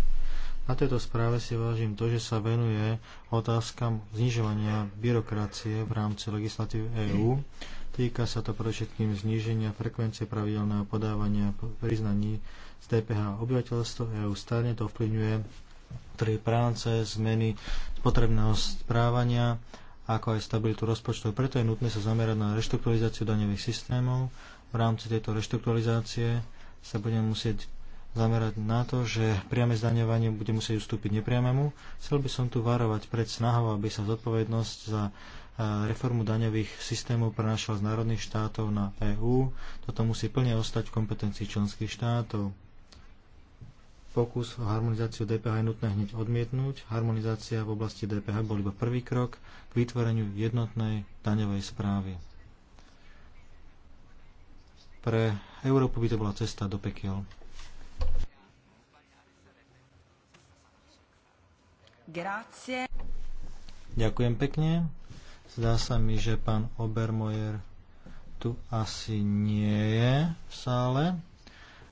Na tejto správe si vážim to, že sa venuje otázkam znižovania byrokracie v rámci legislatívy EÚ. Mm Týka sa to predovšetkým zníženia frekvencie pravidelného podávania priznaní z DPH obyvateľstvo EÚ stane, to ovplyvňuje tri práce, zmeny potrebného správania, ako aj stabilitu rozpočtov. Preto je nutné sa zamerať na reštrukturalizáciu daňových systémov. V rámci tejto reštrukturalizácie sa budeme musieť zamerať na to, že priame zdaňovanie bude musieť ustúpiť nepriamemu. Chcel by som tu varovať pred snahou, aby sa zodpovednosť za reformu daňových systémov prenašal z národných štátov na EÚ. Toto musí plne ostať v kompetencii členských štátov. Pokus o harmonizáciu DPH je nutné hneď odmietnúť. Harmonizácia v oblasti DPH bol iba prvý krok k vytvoreniu jednotnej daňovej správy. Pre Európu by to bola cesta do pekiel. Grazie. Ďakujem pekne. Zdá sa mi, že pán Obermoyer tu asi nie je v sále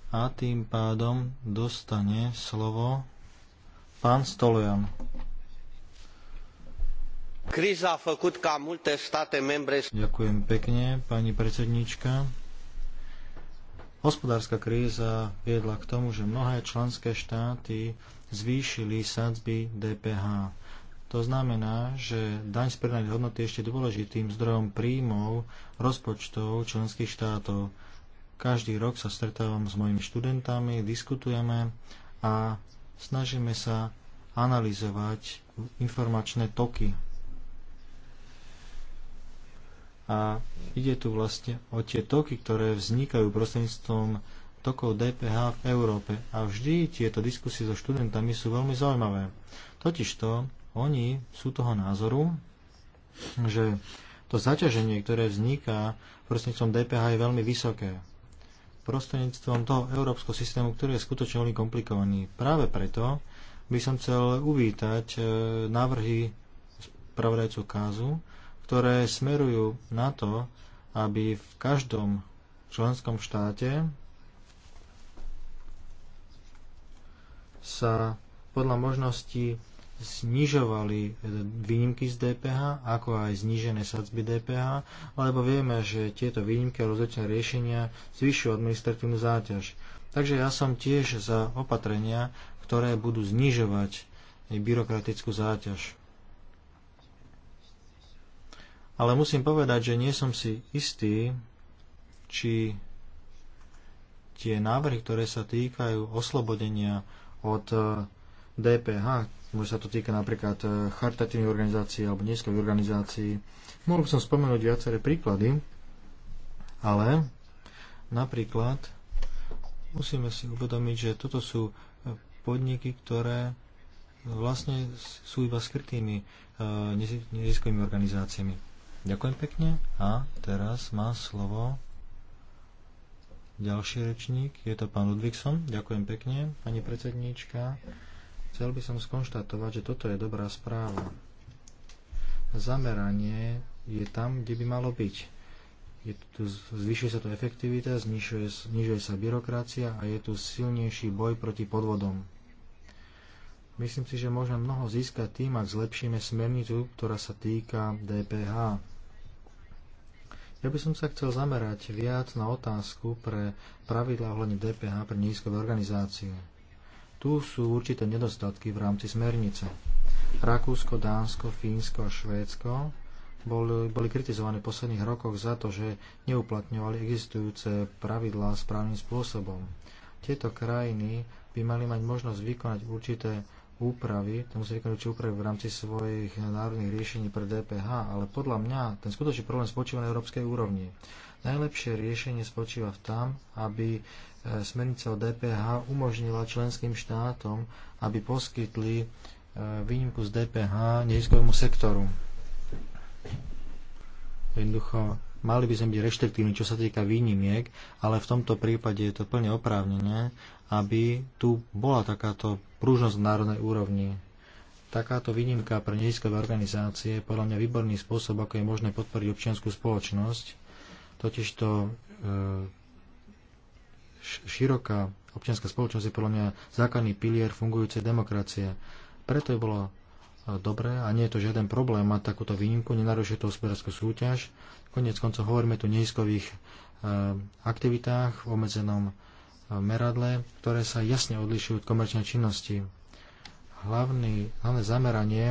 a tým pádom dostane slovo pán Stolojan. Criza a făcut ca multe state membre... Ďakujem pekne, pani predsednička. Hospodárska kríza viedla k tomu, že mnohé členské štáty zvýšili sadzby DPH. To znamená, že daň z pridanej hodnoty je ešte dôležitým zdrojom príjmov rozpočtov členských štátov. Každý rok sa stretávam s mojimi študentami, diskutujeme a snažíme sa analyzovať informačné toky. A ide tu vlastne o tie toky, ktoré vznikajú prostredníctvom tokov DPH v Európe. A vždy tieto diskusie so študentami sú veľmi zaujímavé. Totižto oni sú toho názoru, že to zaťaženie, ktoré vzniká prostredníctvom DPH je veľmi vysoké. Prostredníctvom toho európskeho systému, ktorý je skutočne veľmi komplikovaný. Práve preto by som chcel uvítať e, návrhy spravodajcu Kázu, ktoré smerujú na to, aby v každom členskom štáte sa podľa možností znižovali eh, výnimky z DPH, ako aj znížené sadzby DPH, lebo vieme, že tieto výnimky a rozličné riešenia zvyšujú administratívnu záťaž. Takže ja som tiež za opatrenia, ktoré budú znižovať eh, byrokratickú záťaž. Ale musím povedať, že nie som si istý, či tie návrhy, ktoré sa týkajú oslobodenia od eh, DPH, môže sa to týka napríklad eh, charitatívnych organizácií alebo nízkových organizácií. Mohol by som spomenúť viaceré príklady, ale napríklad musíme si uvedomiť, že toto sú eh, podniky, ktoré vlastne sú iba skrytými eh, neziskovými organizáciami. Ďakujem pekne a teraz má slovo ďalší rečník, je to pán Ludvíkson. Ďakujem pekne, pani predsedníčka. Chcel by som skonštatovať, že toto je dobrá správa. Zameranie je tam, kde by malo byť. Je tu, zvyšuje sa tu efektivita, znižuje, znižuje sa byrokracia a je tu silnejší boj proti podvodom. Myslím si, že môžeme mnoho získať tým, ak zlepšíme smernicu, ktorá sa týka DPH. Ja by som sa chcel zamerať viac na otázku pre pravidlá ohľadne DPH pre nízkové organizácie tu sú určité nedostatky v rámci smernice. Rakúsko, Dánsko, Fínsko a Švédsko boli, boli kritizované v posledných rokoch za to, že neuplatňovali existujúce pravidlá správnym spôsobom. Tieto krajiny by mali mať možnosť vykonať určité úpravy, to musí vykonať určité úpravy v rámci svojich národných riešení pre DPH, ale podľa mňa ten skutočný problém spočíva na európskej úrovni. Najlepšie riešenie spočíva v tom, aby smernica o DPH umožnila členským štátom, aby poskytli e, výnimku z DPH neziskovému sektoru. Jednoducho, mali by sme byť reštriktívni, čo sa týka výnimiek, ale v tomto prípade je to plne oprávnené, aby tu bola takáto pružnosť v národnej úrovni. Takáto výnimka pre neziskové organizácie je podľa mňa výborný spôsob, ako je možné podporiť občianskú spoločnosť. Totižto e, široká občianská spoločnosť je podľa mňa základný pilier fungujúcej demokracie. Preto je bolo e, dobré a nie je to žiaden problém mať takúto výnimku, nenarušuje to hospodárskú súťaž. Konec koncov hovoríme tu o neziskových e, aktivitách v obmedzenom e, meradle, ktoré sa jasne odlišujú od komerčnej činnosti. Hlavný, hlavné zameranie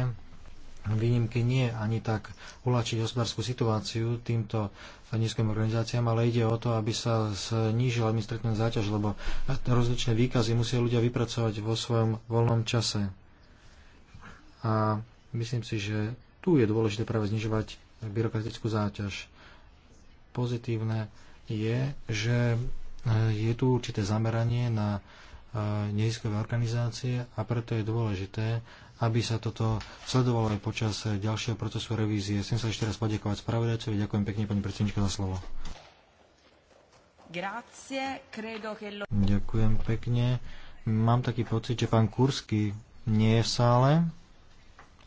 výnimky nie ani tak uľačiť hospodárskú situáciu týmto nízkym organizáciám, ale ide o to, aby sa znížila administratívna záťaž, lebo rozličné výkazy musia ľudia vypracovať vo svojom voľnom čase. A myslím si, že tu je dôležité práve znižovať byrokratickú záťaž. Pozitívne je, že je tu určité zameranie na eh, neziskové organizácie a preto je dôležité, aby sa toto sledovalo aj počas eh, ďalšieho procesu revízie. Chcem sa ešte raz poďakovať spravodajcovi. Ďakujem pekne, pani predsednička, za slovo. Lo... Ďakujem pekne. Mám taký pocit, že pán Kursky nie je v sále.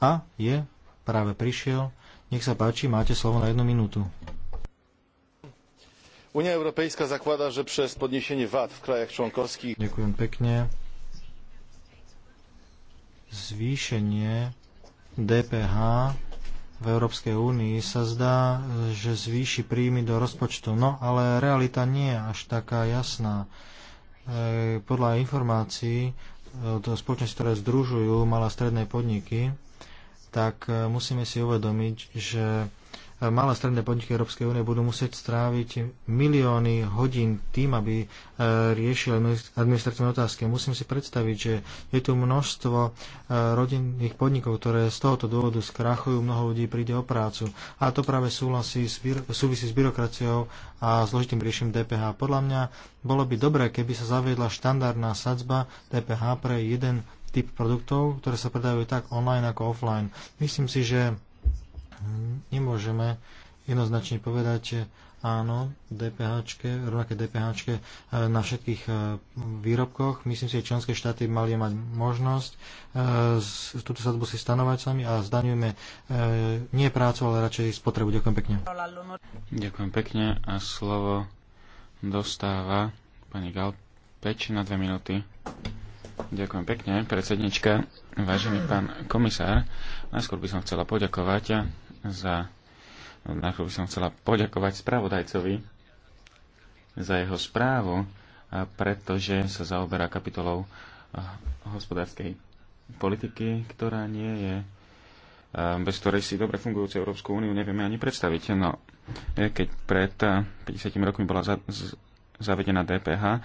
A je, práve prišiel. Nech sa páči, máte slovo na jednu minútu. Unia Europejska zakladá, že přes podnešenie VAT v krajach členkovských... Ďakujem pekne zvýšenie DPH v Európskej únii sa zdá, že zvýši príjmy do rozpočtu. No ale realita nie je až taká jasná. E, podľa informácií e, od spoločnosti, ktoré združujú malé a stredné podniky, tak e, musíme si uvedomiť, že malé stredné podniky Európskej únie budú musieť stráviť milióny hodín tým, aby e, riešili administratívne otázky. Musím si predstaviť, že je tu množstvo e, rodinných podnikov, ktoré z tohoto dôvodu skrachujú, mnoho ľudí príde o prácu. A to práve súhlasí s, súvisí s byrokraciou a zložitým riešením DPH. Podľa mňa bolo by dobré, keby sa zaviedla štandardná sadzba DPH pre jeden typ produktov, ktoré sa predajú tak online ako offline. Myslím si, že nemôžeme jednoznačne povedať, áno, DPH, rovnaké DPH e, na všetkých e, výrobkoch. Myslím si, že členské štáty mali mať možnosť e, túto sadbu si stanovať sami a zdaňujeme nie prácu, ale radšej spotrebu. Ďakujem pekne. Ďakujem pekne a slovo dostáva pani Gal 5 na 2 minúty. Ďakujem pekne, predsednička, vážený pán komisár. Najskôr by som chcela poďakovať za no, Najprv by som chcela poďakovať spravodajcovi za jeho správu, pretože sa zaoberá kapitolou hospodárskej politiky, ktorá nie je bez ktorej si dobre fungujúcu Európsku úniu nevieme ani predstaviť. No, e, keď pred 50 rokmi bola za, z, zavedená DPH,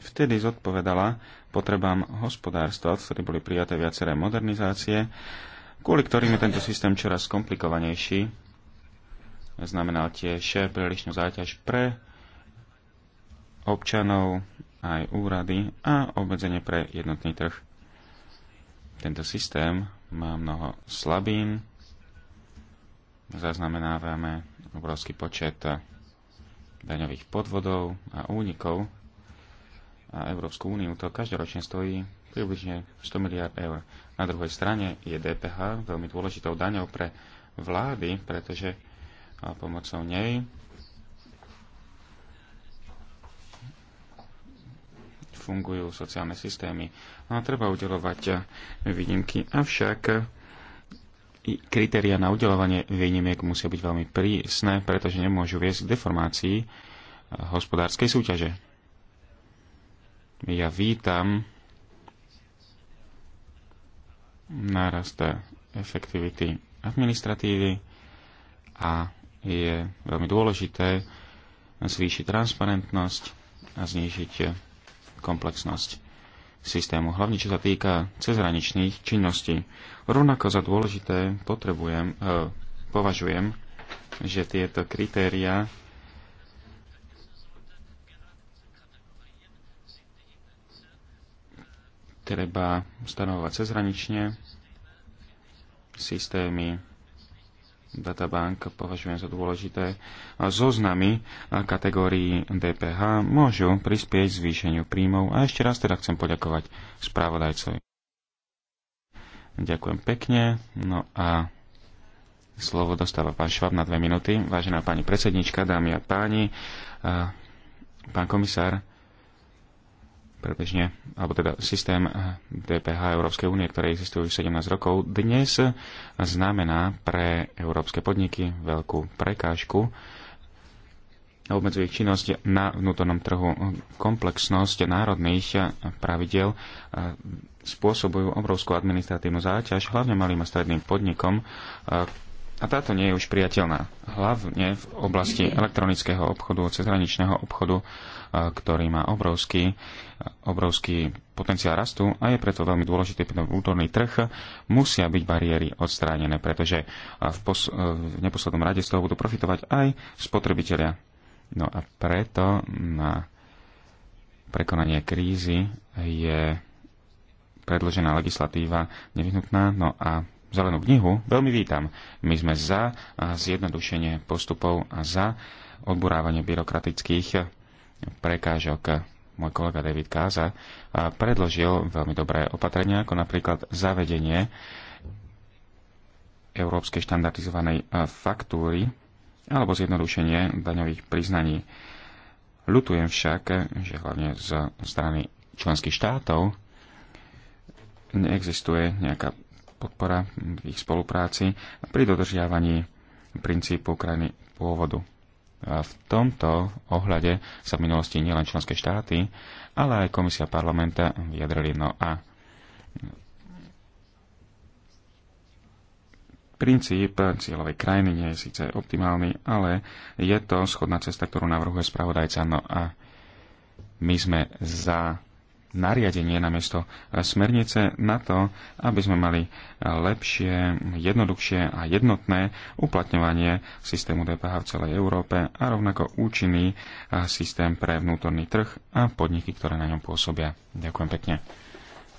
vtedy zodpovedala potrebám hospodárstva, vtedy boli prijaté viaceré modernizácie kvôli ktorým je tento systém čoraz komplikovanejší. Znamená tiež prílišnú záťaž pre občanov, aj úrady a obmedzenie pre jednotný trh. Tento systém má mnoho slabín, zaznamenávame obrovský počet daňových podvodov a únikov a Európsku úniu to každoročne stojí približne 100 miliard eur. Na druhej strane je DPH veľmi dôležitou daňou pre vlády, pretože pomocou nej fungujú sociálne systémy. No, treba udelovať e, výnimky, avšak e, kritéria na udelovanie výnimiek musia byť veľmi prísne, pretože nemôžu viesť k deformácii e, hospodárskej súťaže. Ja vítam nárast efektivity administratívy a je veľmi dôležité zvýšiť transparentnosť a znižiť komplexnosť systému, hlavne čo sa týka cezhraničných činností. Rovnako za dôležité potrebujem, eh, považujem, že tieto kritéria treba stanovovať cezhranične. Systémy databank považujem za dôležité. Zoznamy kategórií DPH môžu prispieť zvýšeniu príjmov a ešte raz teda chcem poďakovať správodajcovi. Ďakujem pekne. No a slovo dostáva pán Švab na dve minúty. Vážená pani predsednička, dámy a páni, pán komisár, predbežne, alebo teda systém eh, DPH Európskej únie, ktorý existuje už 17 rokov, dnes znamená pre európske podniky veľkú prekážku a obmedzuje ich činnosť na vnútornom trhu. Komplexnosť národných eh, pravidel eh, spôsobujú obrovskú administratívnu záťaž, hlavne malým a stredným podnikom, a táto nie je už priateľná. Hlavne v oblasti elektronického obchodu, cezhraničného obchodu, e, ktorý má obrovský, e, obrovský potenciál rastu a je preto veľmi dôležitý pre vnútorný trh, musia byť bariéry odstránené, pretože e, v, pos- v neposlednom rade z toho budú profitovať aj spotrebitelia. No a preto na prekonanie krízy je predložená legislatíva nevyhnutná, no a zelenú knihu veľmi vítam. My sme za zjednodušenie postupov a za odburávanie byrokratických prekážok. Môj kolega David Káza predložil veľmi dobré opatrenia, ako napríklad zavedenie európskej štandardizovanej faktúry alebo zjednodušenie daňových priznaní. Lutujem však, že hlavne zo strany členských štátov neexistuje nejaká podpora v ich spolupráci pri dodržiavaní princípu krajiny pôvodu. A v tomto ohľade sa v minulosti nielen členské štáty, ale aj komisia parlamenta vyjadrili no a Princíp cieľovej krajiny nie je síce optimálny, ale je to schodná cesta, ktorú navrhuje spravodajca. No a my sme za nariadenie namiesto smernice na to, aby sme mali lepšie, jednoduchšie a jednotné uplatňovanie systému DPH v celej Európe a rovnako účinný eh, systém pre vnútorný trh a podniky, ktoré na ňom pôsobia. Ďakujem pekne.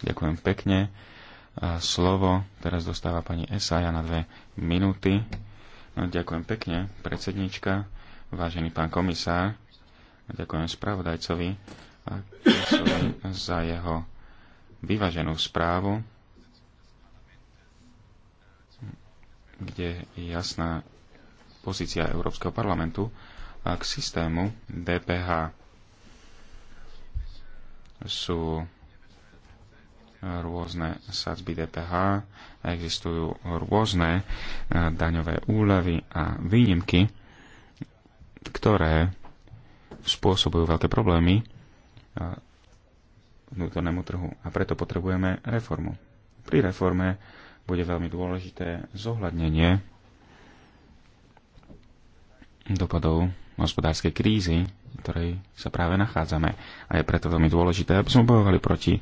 Ďakujem pekne. Eh, slovo teraz dostáva pani Esaja na dve minúty. No, ďakujem pekne, predsednička, vážený pán komisár, ďakujem spravodajcovi Kasovi za jeho vyváženú správu, kde je jasná pozícia Európskeho parlamentu a k systému DPH. Sú rôzne sadzby DPH, existujú rôzne e, daňové úlevy a výnimky, ktoré spôsobujú veľké problémy vnútornému trhu. A preto potrebujeme reformu. Pri reforme bude veľmi dôležité zohľadnenie dopadov hospodárskej krízy, v ktorej sa práve nachádzame. A je preto veľmi dôležité, aby sme bojovali proti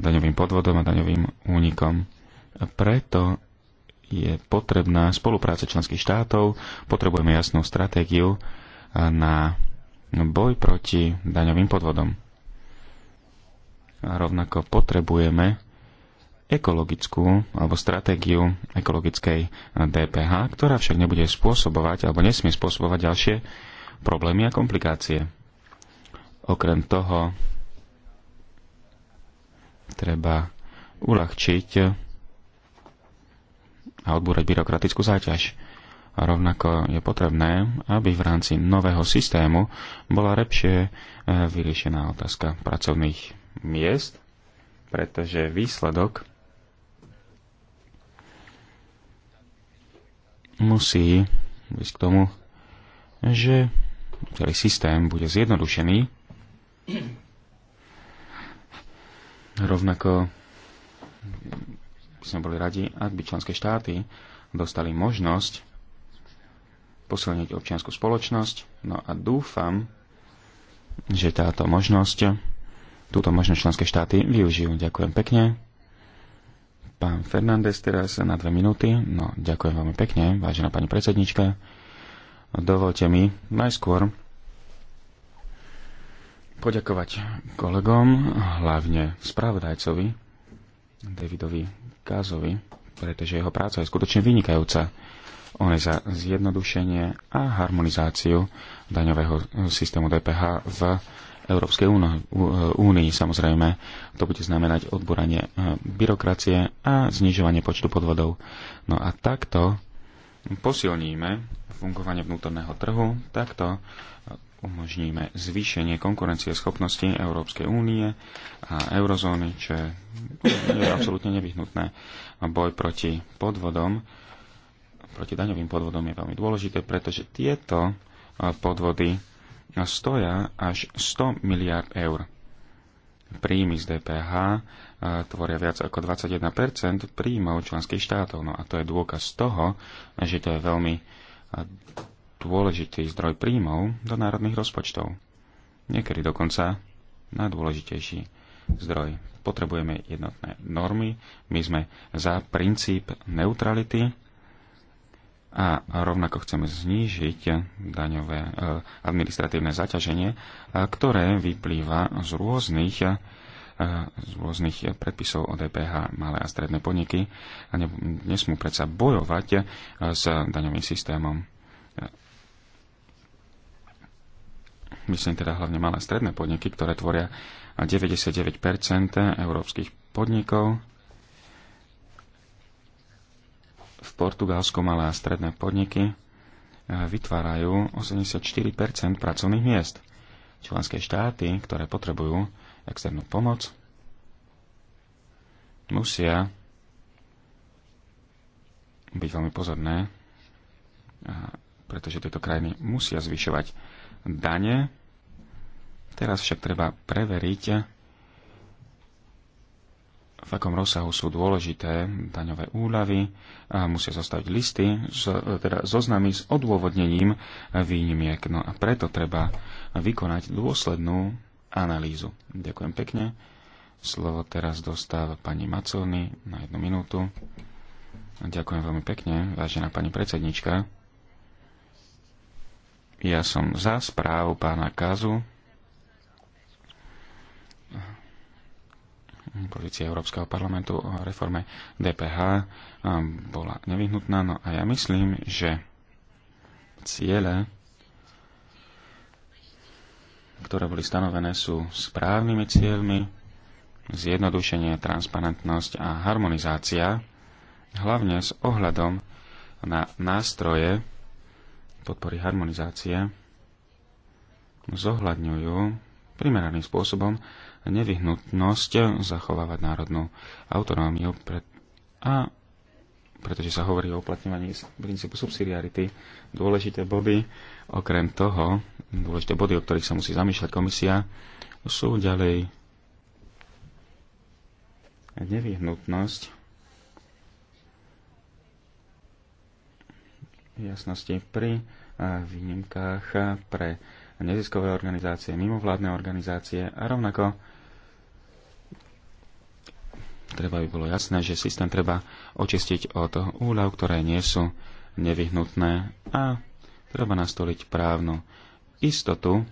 daňovým podvodom a daňovým únikom. A preto je potrebná spolupráca členských štátov, potrebujeme jasnú stratégiu na boj proti daňovým podvodom. A rovnako potrebujeme ekologickú alebo stratégiu ekologickej DPH, ktorá však nebude spôsobovať alebo nesmie spôsobovať ďalšie problémy a komplikácie. Okrem toho treba uľahčiť a odbúrať byrokratickú záťaž. A rovnako je potrebné, aby v rámci nového systému bola lepšie e, vyriešená otázka pracovných miest, pretože výsledok musí ísť k tomu, že celý systém bude zjednodušený. Rovnako by sme boli radi, ak by členské štáty dostali možnosť posilniť občianskú spoločnosť. No a dúfam, že táto možnosť túto možnosť členské štáty využijú. Ďakujem pekne. Pán Fernández teraz na dve minúty. No, ďakujem veľmi pekne, vážená pani predsednička. Dovolte mi najskôr poďakovať kolegom, hlavne spravodajcovi Davidovi Kázovi, pretože jeho práca je skutočne vynikajúca. On je za zjednodušenie a harmonizáciu daňového systému DPH v Európskej únii samozrejme. To bude znamenať odboranie e, byrokracie a znižovanie počtu podvodov. No a takto posilníme fungovanie vnútorného trhu, takto e, umožníme zvýšenie konkurencie schopnosti Európskej únie a eurozóny, čo je absolútne nevyhnutné. Boj proti podvodom, proti daňovým podvodom je veľmi dôležité, pretože tieto e, podvody stoja až 100 miliard eur. Príjmy z DPH e, tvoria viac ako 21 príjmov členských štátov. No a to je dôkaz toho, že to je veľmi e, dôležitý zdroj príjmov do národných rozpočtov. Niekedy dokonca najdôležitejší zdroj. Potrebujeme jednotné normy. My sme za princíp neutrality a rovnako chceme znížiť daňové eh, administratívne zaťaženie, eh, ktoré vyplýva z rôznych eh, z rôznych predpisov o DPH malé a stredné podniky a nesmú predsa bojovať s daňovým systémom. Myslím teda hlavne malé a stredné podniky, ktoré tvoria 99% európskych podnikov v Portugalsku malé a stredné podniky e, vytvárajú 84 pracovných miest. Členské štáty, ktoré potrebujú externú pomoc, musia byť veľmi pozorné, pretože tieto krajiny musia zvyšovať dane. Teraz však treba preveriť, v akom rozsahu sú dôležité daňové úľavy a musia zostaviť listy, teda zoznamy s odôvodnením výnimiek. No a preto treba vykonať dôslednú analýzu. Ďakujem pekne. Slovo teraz dostáva pani Macovny na jednu minútu. Ďakujem veľmi pekne, vážená pani predsednička. Ja som za správu pána Kazu, pozície Európskeho parlamentu o reforme DPH um, bola nevyhnutná. No a ja myslím, že ciele, ktoré boli stanovené, sú správnymi cieľmi, zjednodušenie, transparentnosť a harmonizácia, hlavne s ohľadom na nástroje podpory harmonizácie, zohľadňujú primeraným spôsobom nevyhnutnosť zachovávať národnú autonómiu pred, a pretože sa hovorí o uplatňovaní princípu subsidiarity, dôležité body, okrem toho, dôležité body, o ktorých sa musí zamýšľať komisia, sú ďalej nevyhnutnosť jasnosti pri eh, výnimkách pre neziskové organizácie, mimovládne organizácie a rovnako treba by bolo jasné, že systém treba očistiť od úľav, ktoré nie sú nevyhnutné a treba nastoliť právnu istotu,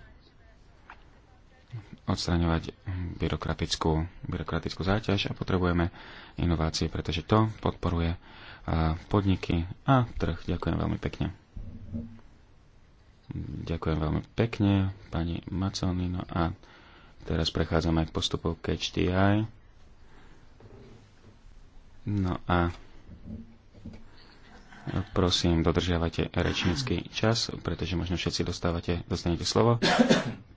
odstraňovať byrokratickú, byrokratickú záťaž a potrebujeme inovácie, pretože to podporuje podniky a trh. Ďakujem veľmi pekne. Ďakujem veľmi pekne, pani Maconi. No a teraz prechádzame k postupu KHTI. No a prosím, dodržiavate rečnícky čas, pretože možno všetci dostávate, dostanete slovo.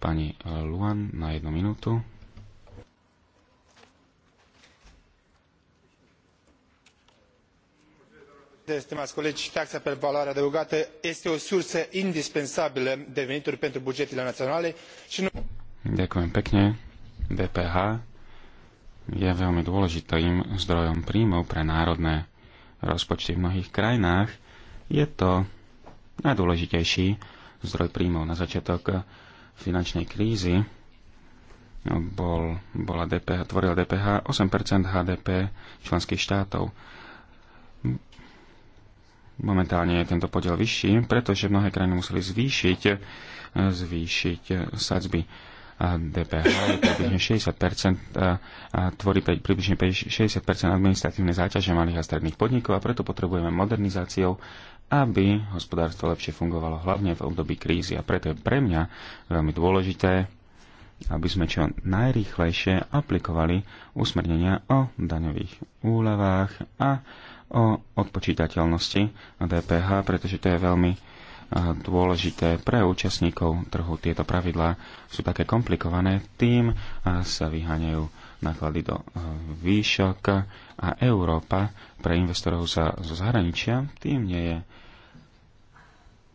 Pani Luan na jednu minútu. taxa pe valoare adăugată este o sursă indispensabilă de venituri pentru bugetele naționale și nu... Ďakujem pekne. DPH je veľmi dôležitým zdrojom príjmov pre národné rozpočty v mnohých krajinách. Je to najdôležitejší zdroj príjmov na začiatok finančnej krízy. Bol, bola DPH, tvorila DPH 8% HDP členských štátov Momentálne je tento podiel vyšší, pretože mnohé krajiny museli zvýšiť, zvýšiť sadzby DPH, je približne 60%, tvorí približne 60% administratívne záťaže malých a stredných podnikov a preto potrebujeme modernizáciou, aby hospodárstvo lepšie fungovalo, hlavne v období krízy. A preto je pre mňa veľmi dôležité, aby sme čo najrýchlejšie aplikovali usmernenia o daňových úlevách. a o odpočítateľnosti DPH, pretože to je veľmi dôležité pre účastníkov trhu. Tieto pravidlá sú také komplikované, tým sa vyháňajú náklady do výšok a Európa pre investorov sa zo zahraničia tým nie je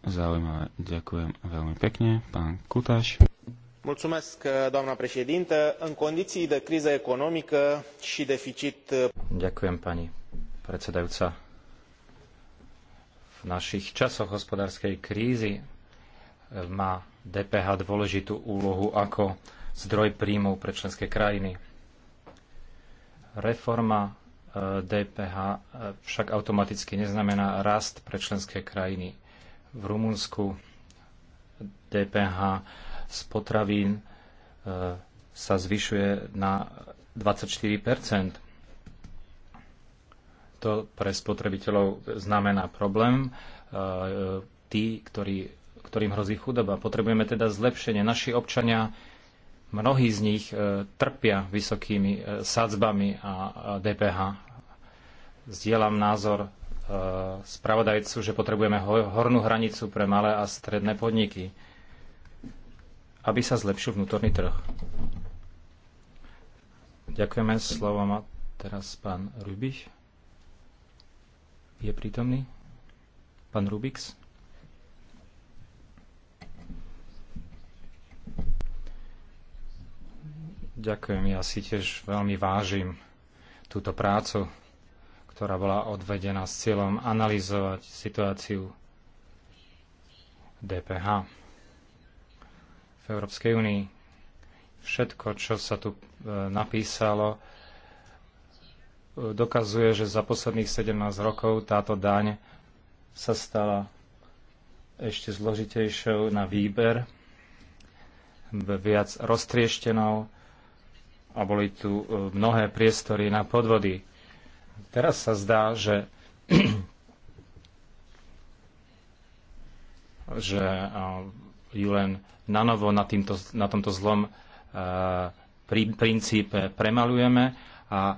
zaujímavé. Ďakujem veľmi pekne, pán Kutaš. Mulțumesc, doamna președintă. În condiții de criză economică și deficit... Ďakujem, pani predsedajúca. V našich časoch hospodárskej krízy eh, má DPH dôležitú úlohu ako zdroj príjmov pre členské krajiny. Reforma DPH eh, eh, však automaticky neznamená rast pre členské krajiny. V Rumunsku DPH z potravín sa zvyšuje na 24 to pre spotrebiteľov znamená problém. E, tí, ktorí, ktorým hrozí chudoba. Potrebujeme teda zlepšenie. Naši občania, mnohí z nich e, trpia vysokými e, sadzbami a DPH. Zdieľam názor spravodajcu, že potrebujeme hornú hranicu pre malé a stredné podniky, aby sa zlepšil vnútorný trh. Ďakujeme. Slovo má teraz pán Rubiš. Je prítomný? Pán Rubiks? Ďakujem, ja si tiež veľmi vážim túto prácu, ktorá bola odvedená s cieľom analyzovať situáciu DPH v Európskej únii. Všetko, čo sa tu e, napísalo, dokazuje, že za posledných 17 rokov táto daň sa stala ešte zložitejšou na výber, viac roztrieštenou a boli tu e, mnohé priestory na podvody. Teraz sa zdá, že že e, ju len nanovo na, týmto, na tomto zlom e, princípe premalujeme a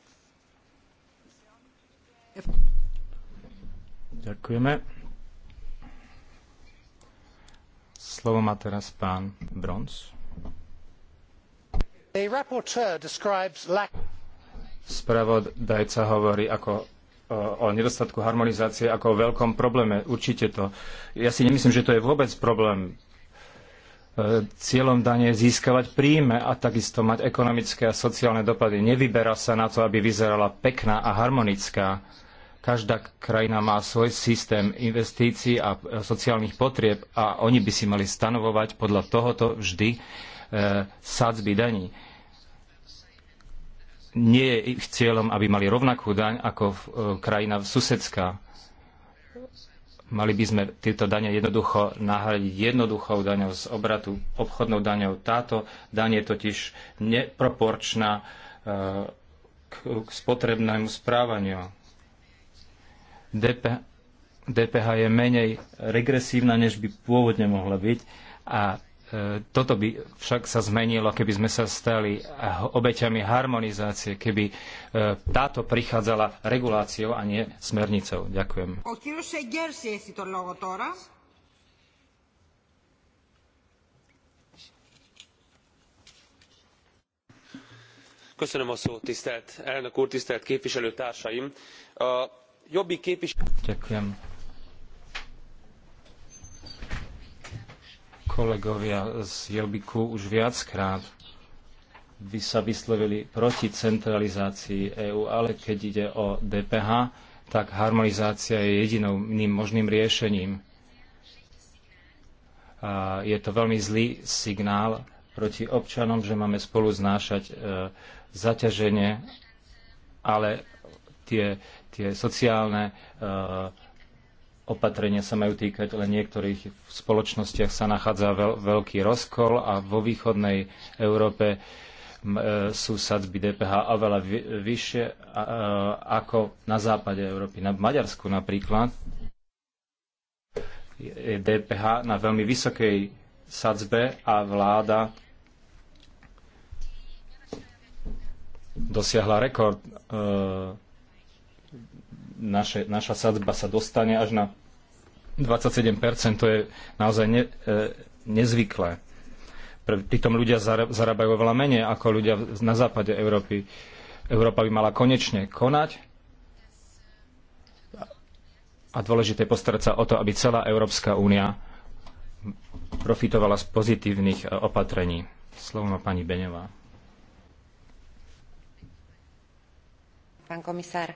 Ďakujeme. Slovo má teraz pán Bronz. Spravodajca hovorí ako o nedostatku harmonizácie ako o veľkom probléme. Určite to. Ja si nemyslím, že to je vôbec problém. E, cieľom dane je získavať príjme a takisto mať ekonomické a sociálne dopady. Nevyberá sa na to, aby vyzerala pekná a harmonická. Každá krajina má svoj systém investícií a sociálnych potrieb a oni by si mali stanovovať podľa tohoto vždy e, sadzby daní. Nie je ich cieľom, aby mali rovnakú daň ako e, krajina susedská Mali by sme tieto dane jednoducho nahradiť jednoduchou daňou z obratu, obchodnou daňou. Táto daň je totiž neproporčná e, k spotrebnému správaniu. DPH je menej regresívna, než by pôvodne mohla byť a toto by však sa zmenilo, keby sme sa stali obeťami harmonizácie, keby e, táto prichádzala reguláciou a nie smernicou. Ďakujem. Köszönöm a szót, tisztelt elnök úr tisztelt képviselőtársaim! a jobbik képviselőtársaim kolegovia z Jelbiku už viackrát by sa vyslovili proti centralizácii EÚ, ale keď ide o DPH, tak harmonizácia je jediným možným riešením. A je to veľmi zlý signál proti občanom, že máme spolu znášať e, zaťaženie, ale tie, tie sociálne e, opatrenia sa majú týkať len niektorých. V spoločnostiach sa nachádza veľ, veľký rozkol a vo východnej Európe e, sú sadzby DPH oveľa vyššie ako na západe Európy. Na Maďarsku napríklad je DPH na veľmi vysokej sadzbe a vláda dosiahla rekord e, naše, naša sadzba sa dostane až na 27%, to je naozaj ne, e, nezvyklé. Pritom ľudia zarábajú veľa menej ako ľudia na západe Európy. Európa by mala konečne konať a dôležité postarať sa o to, aby celá Európska únia profitovala z pozitívnych e, opatrení. Slovo má pani Beňová. Pán komisár,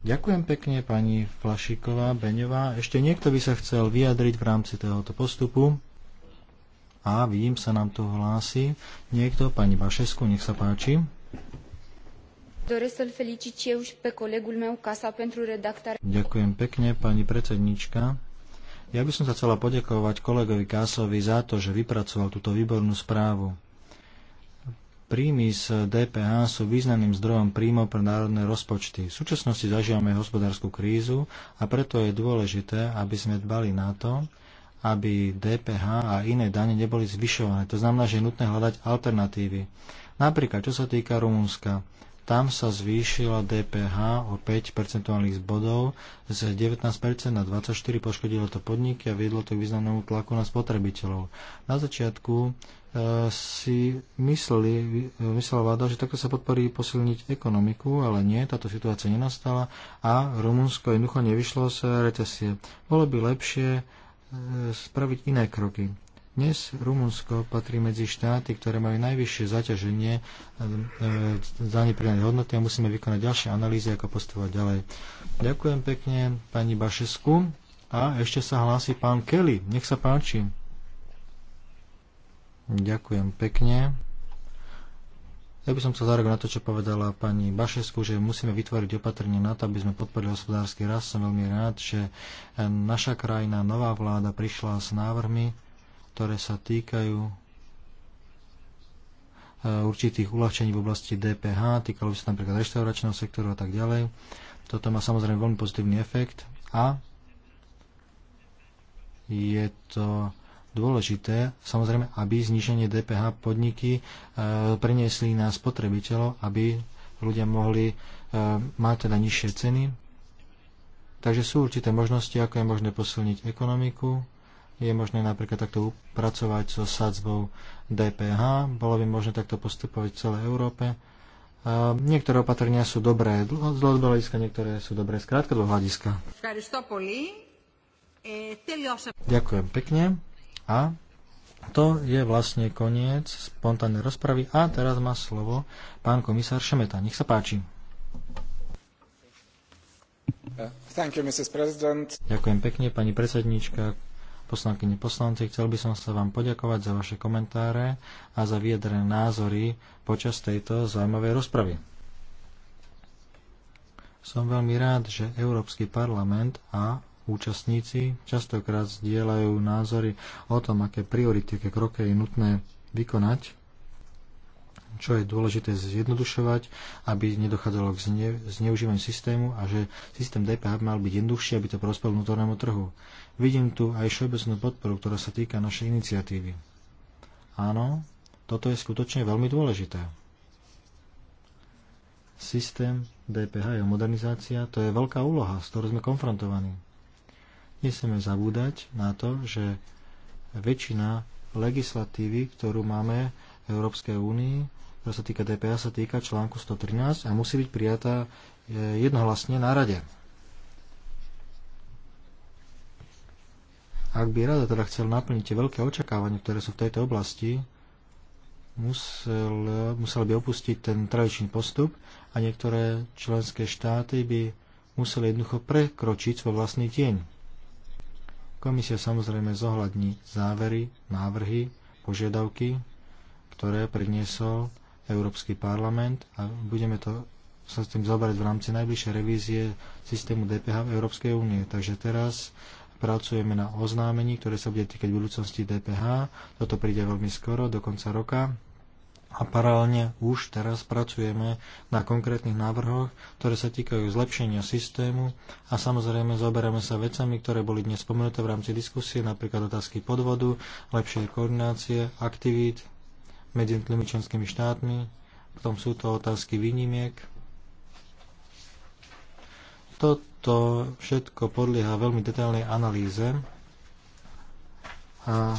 Ďakujem pekne pani Flašiková, Beňová. Ešte niekto by sa chcel vyjadriť v rámci tohoto postupu? A vidím, sa nám tu hlási niekto, pani Bašesku, nech sa páči. Ďakujem pekne, pani predsednička. Ja by som sa chcela podakovať kolegovi Kásovi za to, že vypracoval túto výbornú správu. Príjmy z DPH sú významným zdrojom príjmov pre národné rozpočty. V súčasnosti zažívame hospodárskú krízu a preto je dôležité, aby sme dbali na to, aby DPH a iné dane neboli zvyšované. To znamená, že je nutné hľadať alternatívy. Napríklad, čo sa týka Rumúnska, tam sa zvýšila DPH o 5 percentuálnych bodov z 19% na 24%, poškodilo to podniky a viedlo to k významnému tlaku na spotrebiteľov. Na začiatku si mysleli, myslela vláda, že takto sa podporí posilniť ekonomiku, ale nie, táto situácia nenastala a Rumunsko jednoducho nevyšlo z recesie. Bolo by lepšie e, spraviť iné kroky. Dnes Rumunsko patrí medzi štáty, ktoré majú najvyššie zaťaženie za e, e, pridanej hodnoty a musíme vykonať ďalšie analýzy, ako postupovať ďalej. Ďakujem pekne pani Bašesku a ešte sa hlási pán Kelly. Nech sa páči. Ďakujem pekne. Ja by som chcel zareagovať na to, čo povedala pani Bašesku, že musíme vytvoriť opatrenie na to, aby sme podporili hospodársky rast. Som veľmi rád, že eh, naša krajina, nová vláda prišla s návrhmi, ktoré sa týkajú eh, určitých uľahčení v oblasti DPH, týkalo by sa napríklad reštauračného sektoru a tak ďalej. Toto má samozrejme veľmi pozitívny efekt a je to dôležité, samozrejme, aby zniženie DPH podniky e, preniesli na spotrebiteľov, aby ľudia mohli e, mať teda nižšie ceny. Takže sú určité možnosti, ako je možné posilniť ekonomiku. Je možné napríklad takto pracovať so sadzbou DPH. Bolo by možné takto postupovať v celej Európe. Uh, niektoré opatrenia sú dobré z dlhodobého hľadiska, niektoré sú dobré z krátkodobého hľadiska. Ďakujem pekne. A to je vlastne koniec spontánnej rozpravy. A teraz má slovo pán komisár Šemeta. Nech sa páči. You, Ďakujem pekne, pani predsedníčka, poslankyne poslanci. Chcel by som sa vám poďakovať za vaše komentáre a za vyjadrené názory počas tejto zaujímavej rozpravy. Som veľmi rád, že Európsky parlament a účastníci častokrát zdieľajú názory o tom, aké priority, aké kroky je nutné vykonať, čo je dôležité zjednodušovať, aby nedochádzalo k zne, zneužívaniu systému a že systém DPH mal byť jednoduchší, aby to prospel vnútornému trhu. Vidím tu aj všeobecnú podporu, ktorá sa týka našej iniciatívy. Áno, toto je skutočne veľmi dôležité. Systém DPH je modernizácia, to je veľká úloha, s ktorou sme konfrontovaní nesmieme zabúdať na to, že väčšina legislatívy, ktorú máme v Európskej únii, ktorá sa týka DPA, sa týka článku 113 a musí byť prijatá e, jednohlasne na rade. Ak by rada teda chcel naplniť tie veľké očakávania, ktoré sú v tejto oblasti, musel, musel by opustiť ten tradičný postup a niektoré členské štáty by museli jednoducho prekročiť svoj vlastný tieň. Komisia samozrejme zohľadní závery, návrhy, požiadavky, ktoré predniesol Európsky parlament a budeme to sa s tým zobrať v rámci najbližšej revízie systému DPH v Európskej únie. Takže teraz pracujeme na oznámení, ktoré sa bude týkať budúcnosti DPH. Toto príde veľmi skoro, do konca roka a paralelne už teraz pracujeme na konkrétnych návrhoch, ktoré sa týkajú zlepšenia systému a samozrejme zoberieme sa vecami, ktoré boli dnes spomenuté v rámci diskusie, napríklad otázky podvodu, lepšej koordinácie, aktivít medzi jednotlivými členskými štátmi, potom sú to otázky výnimiek. Toto všetko podlieha veľmi detailnej analýze a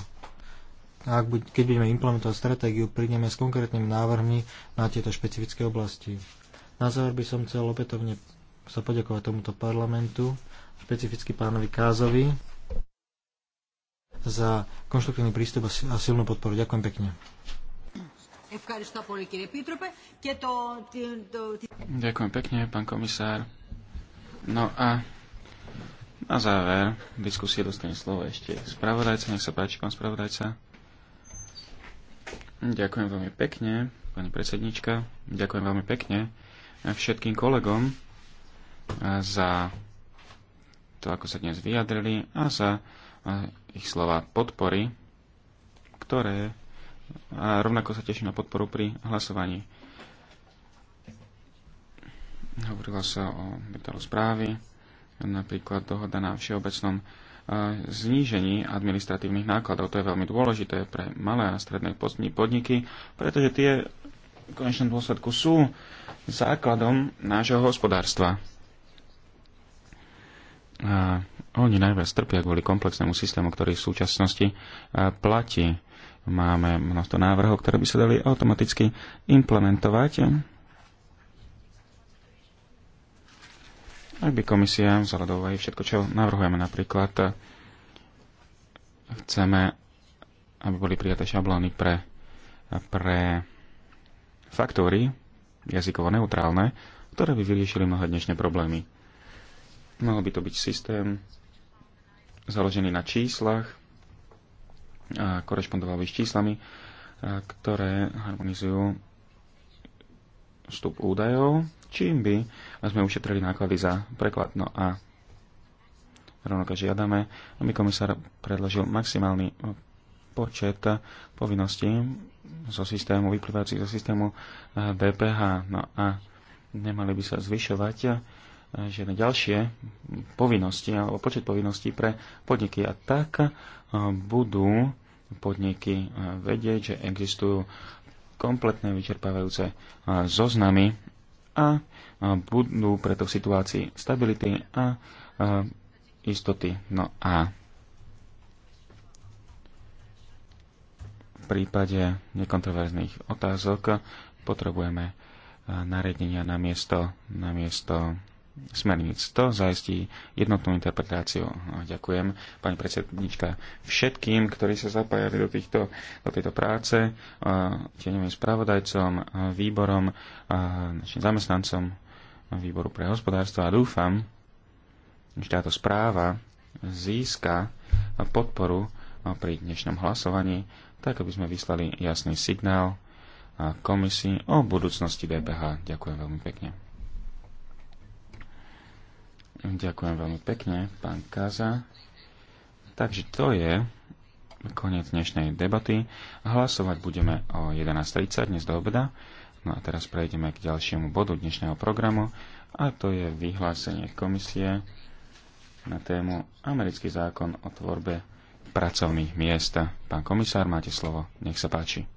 ak buď, keď budeme implementovať stratégiu, prídeme s konkrétnymi návrhmi na tieto špecifické oblasti. Na záver by som chcel opätovne sa poďakovať tomuto parlamentu, špecificky pánovi Kázovi, za konštruktívny prístup a silnú podporu. Ďakujem pekne. Ďakujem pekne, pán komisár. No a na záver diskusie dostane slovo ešte spravodajca. Nech sa páči, pán spravodajca. Ďakujem veľmi pekne, pani predsednička. Ďakujem veľmi pekne všetkým kolegom za to, ako sa dnes vyjadrili a za ich slova podpory, ktoré a rovnako sa teším na podporu pri hlasovaní. Hovorilo sa o metalu správy, napríklad dohoda na všeobecnom znížení administratívnych nákladov. To je veľmi dôležité pre malé a stredné podniky, pretože tie v konečnom dôsledku sú základom nášho hospodárstva. A oni najviac trpia kvôli komplexnému systému, ktorý v súčasnosti platí. Máme množstvo návrhov, ktoré by sa dali automaticky implementovať Ak by komisia vzala aj všetko, čo navrhujeme napríklad, eh, chceme, aby boli prijaté šablóny pre, pre faktory jazykovo neutrálne, ktoré by vyriešili mnohé dnešné problémy. Malo by to byť systém založený na číslach a korešpondoval by s číslami, ktoré harmonizujú vstup údajov, čím by sme ušetrili náklady za preklad. No a rovnako žiadame, aby komisár predložil maximálny počet povinností zo systému, vyplývajúcich zo systému DPH. Eh, no a nemali by sa zvyšovať eh, žiadne ďalšie povinnosti alebo počet povinností pre podniky. A tak eh, budú podniky vedieť, že existujú kompletné vyčerpávajúce zoznamy a budú preto v situácii stability a istoty. No a v prípade nekontroverzných otázok potrebujeme nariadenia na miesto, na miesto smerníc. To zaistí jednotnú interpretáciu. Ďakujem, pani predsednička, všetkým, ktorí sa zapájali do, týchto, do tejto práce, tieňovým spravodajcom, výborom, našim zamestnancom výboru pre hospodárstvo a dúfam, že táto správa získa podporu pri dnešnom hlasovaní, tak aby sme vyslali jasný signál komisii o budúcnosti DPH. Ďakujem veľmi pekne. Ďakujem veľmi pekne, pán Kaza. Takže to je koniec dnešnej debaty. Hlasovať budeme o 11.30 dnes do obeda. No a teraz prejdeme k ďalšiemu bodu dnešného programu a to je vyhlásenie komisie na tému Americký zákon o tvorbe pracovných miest. Pán komisár, máte slovo. Nech sa páči.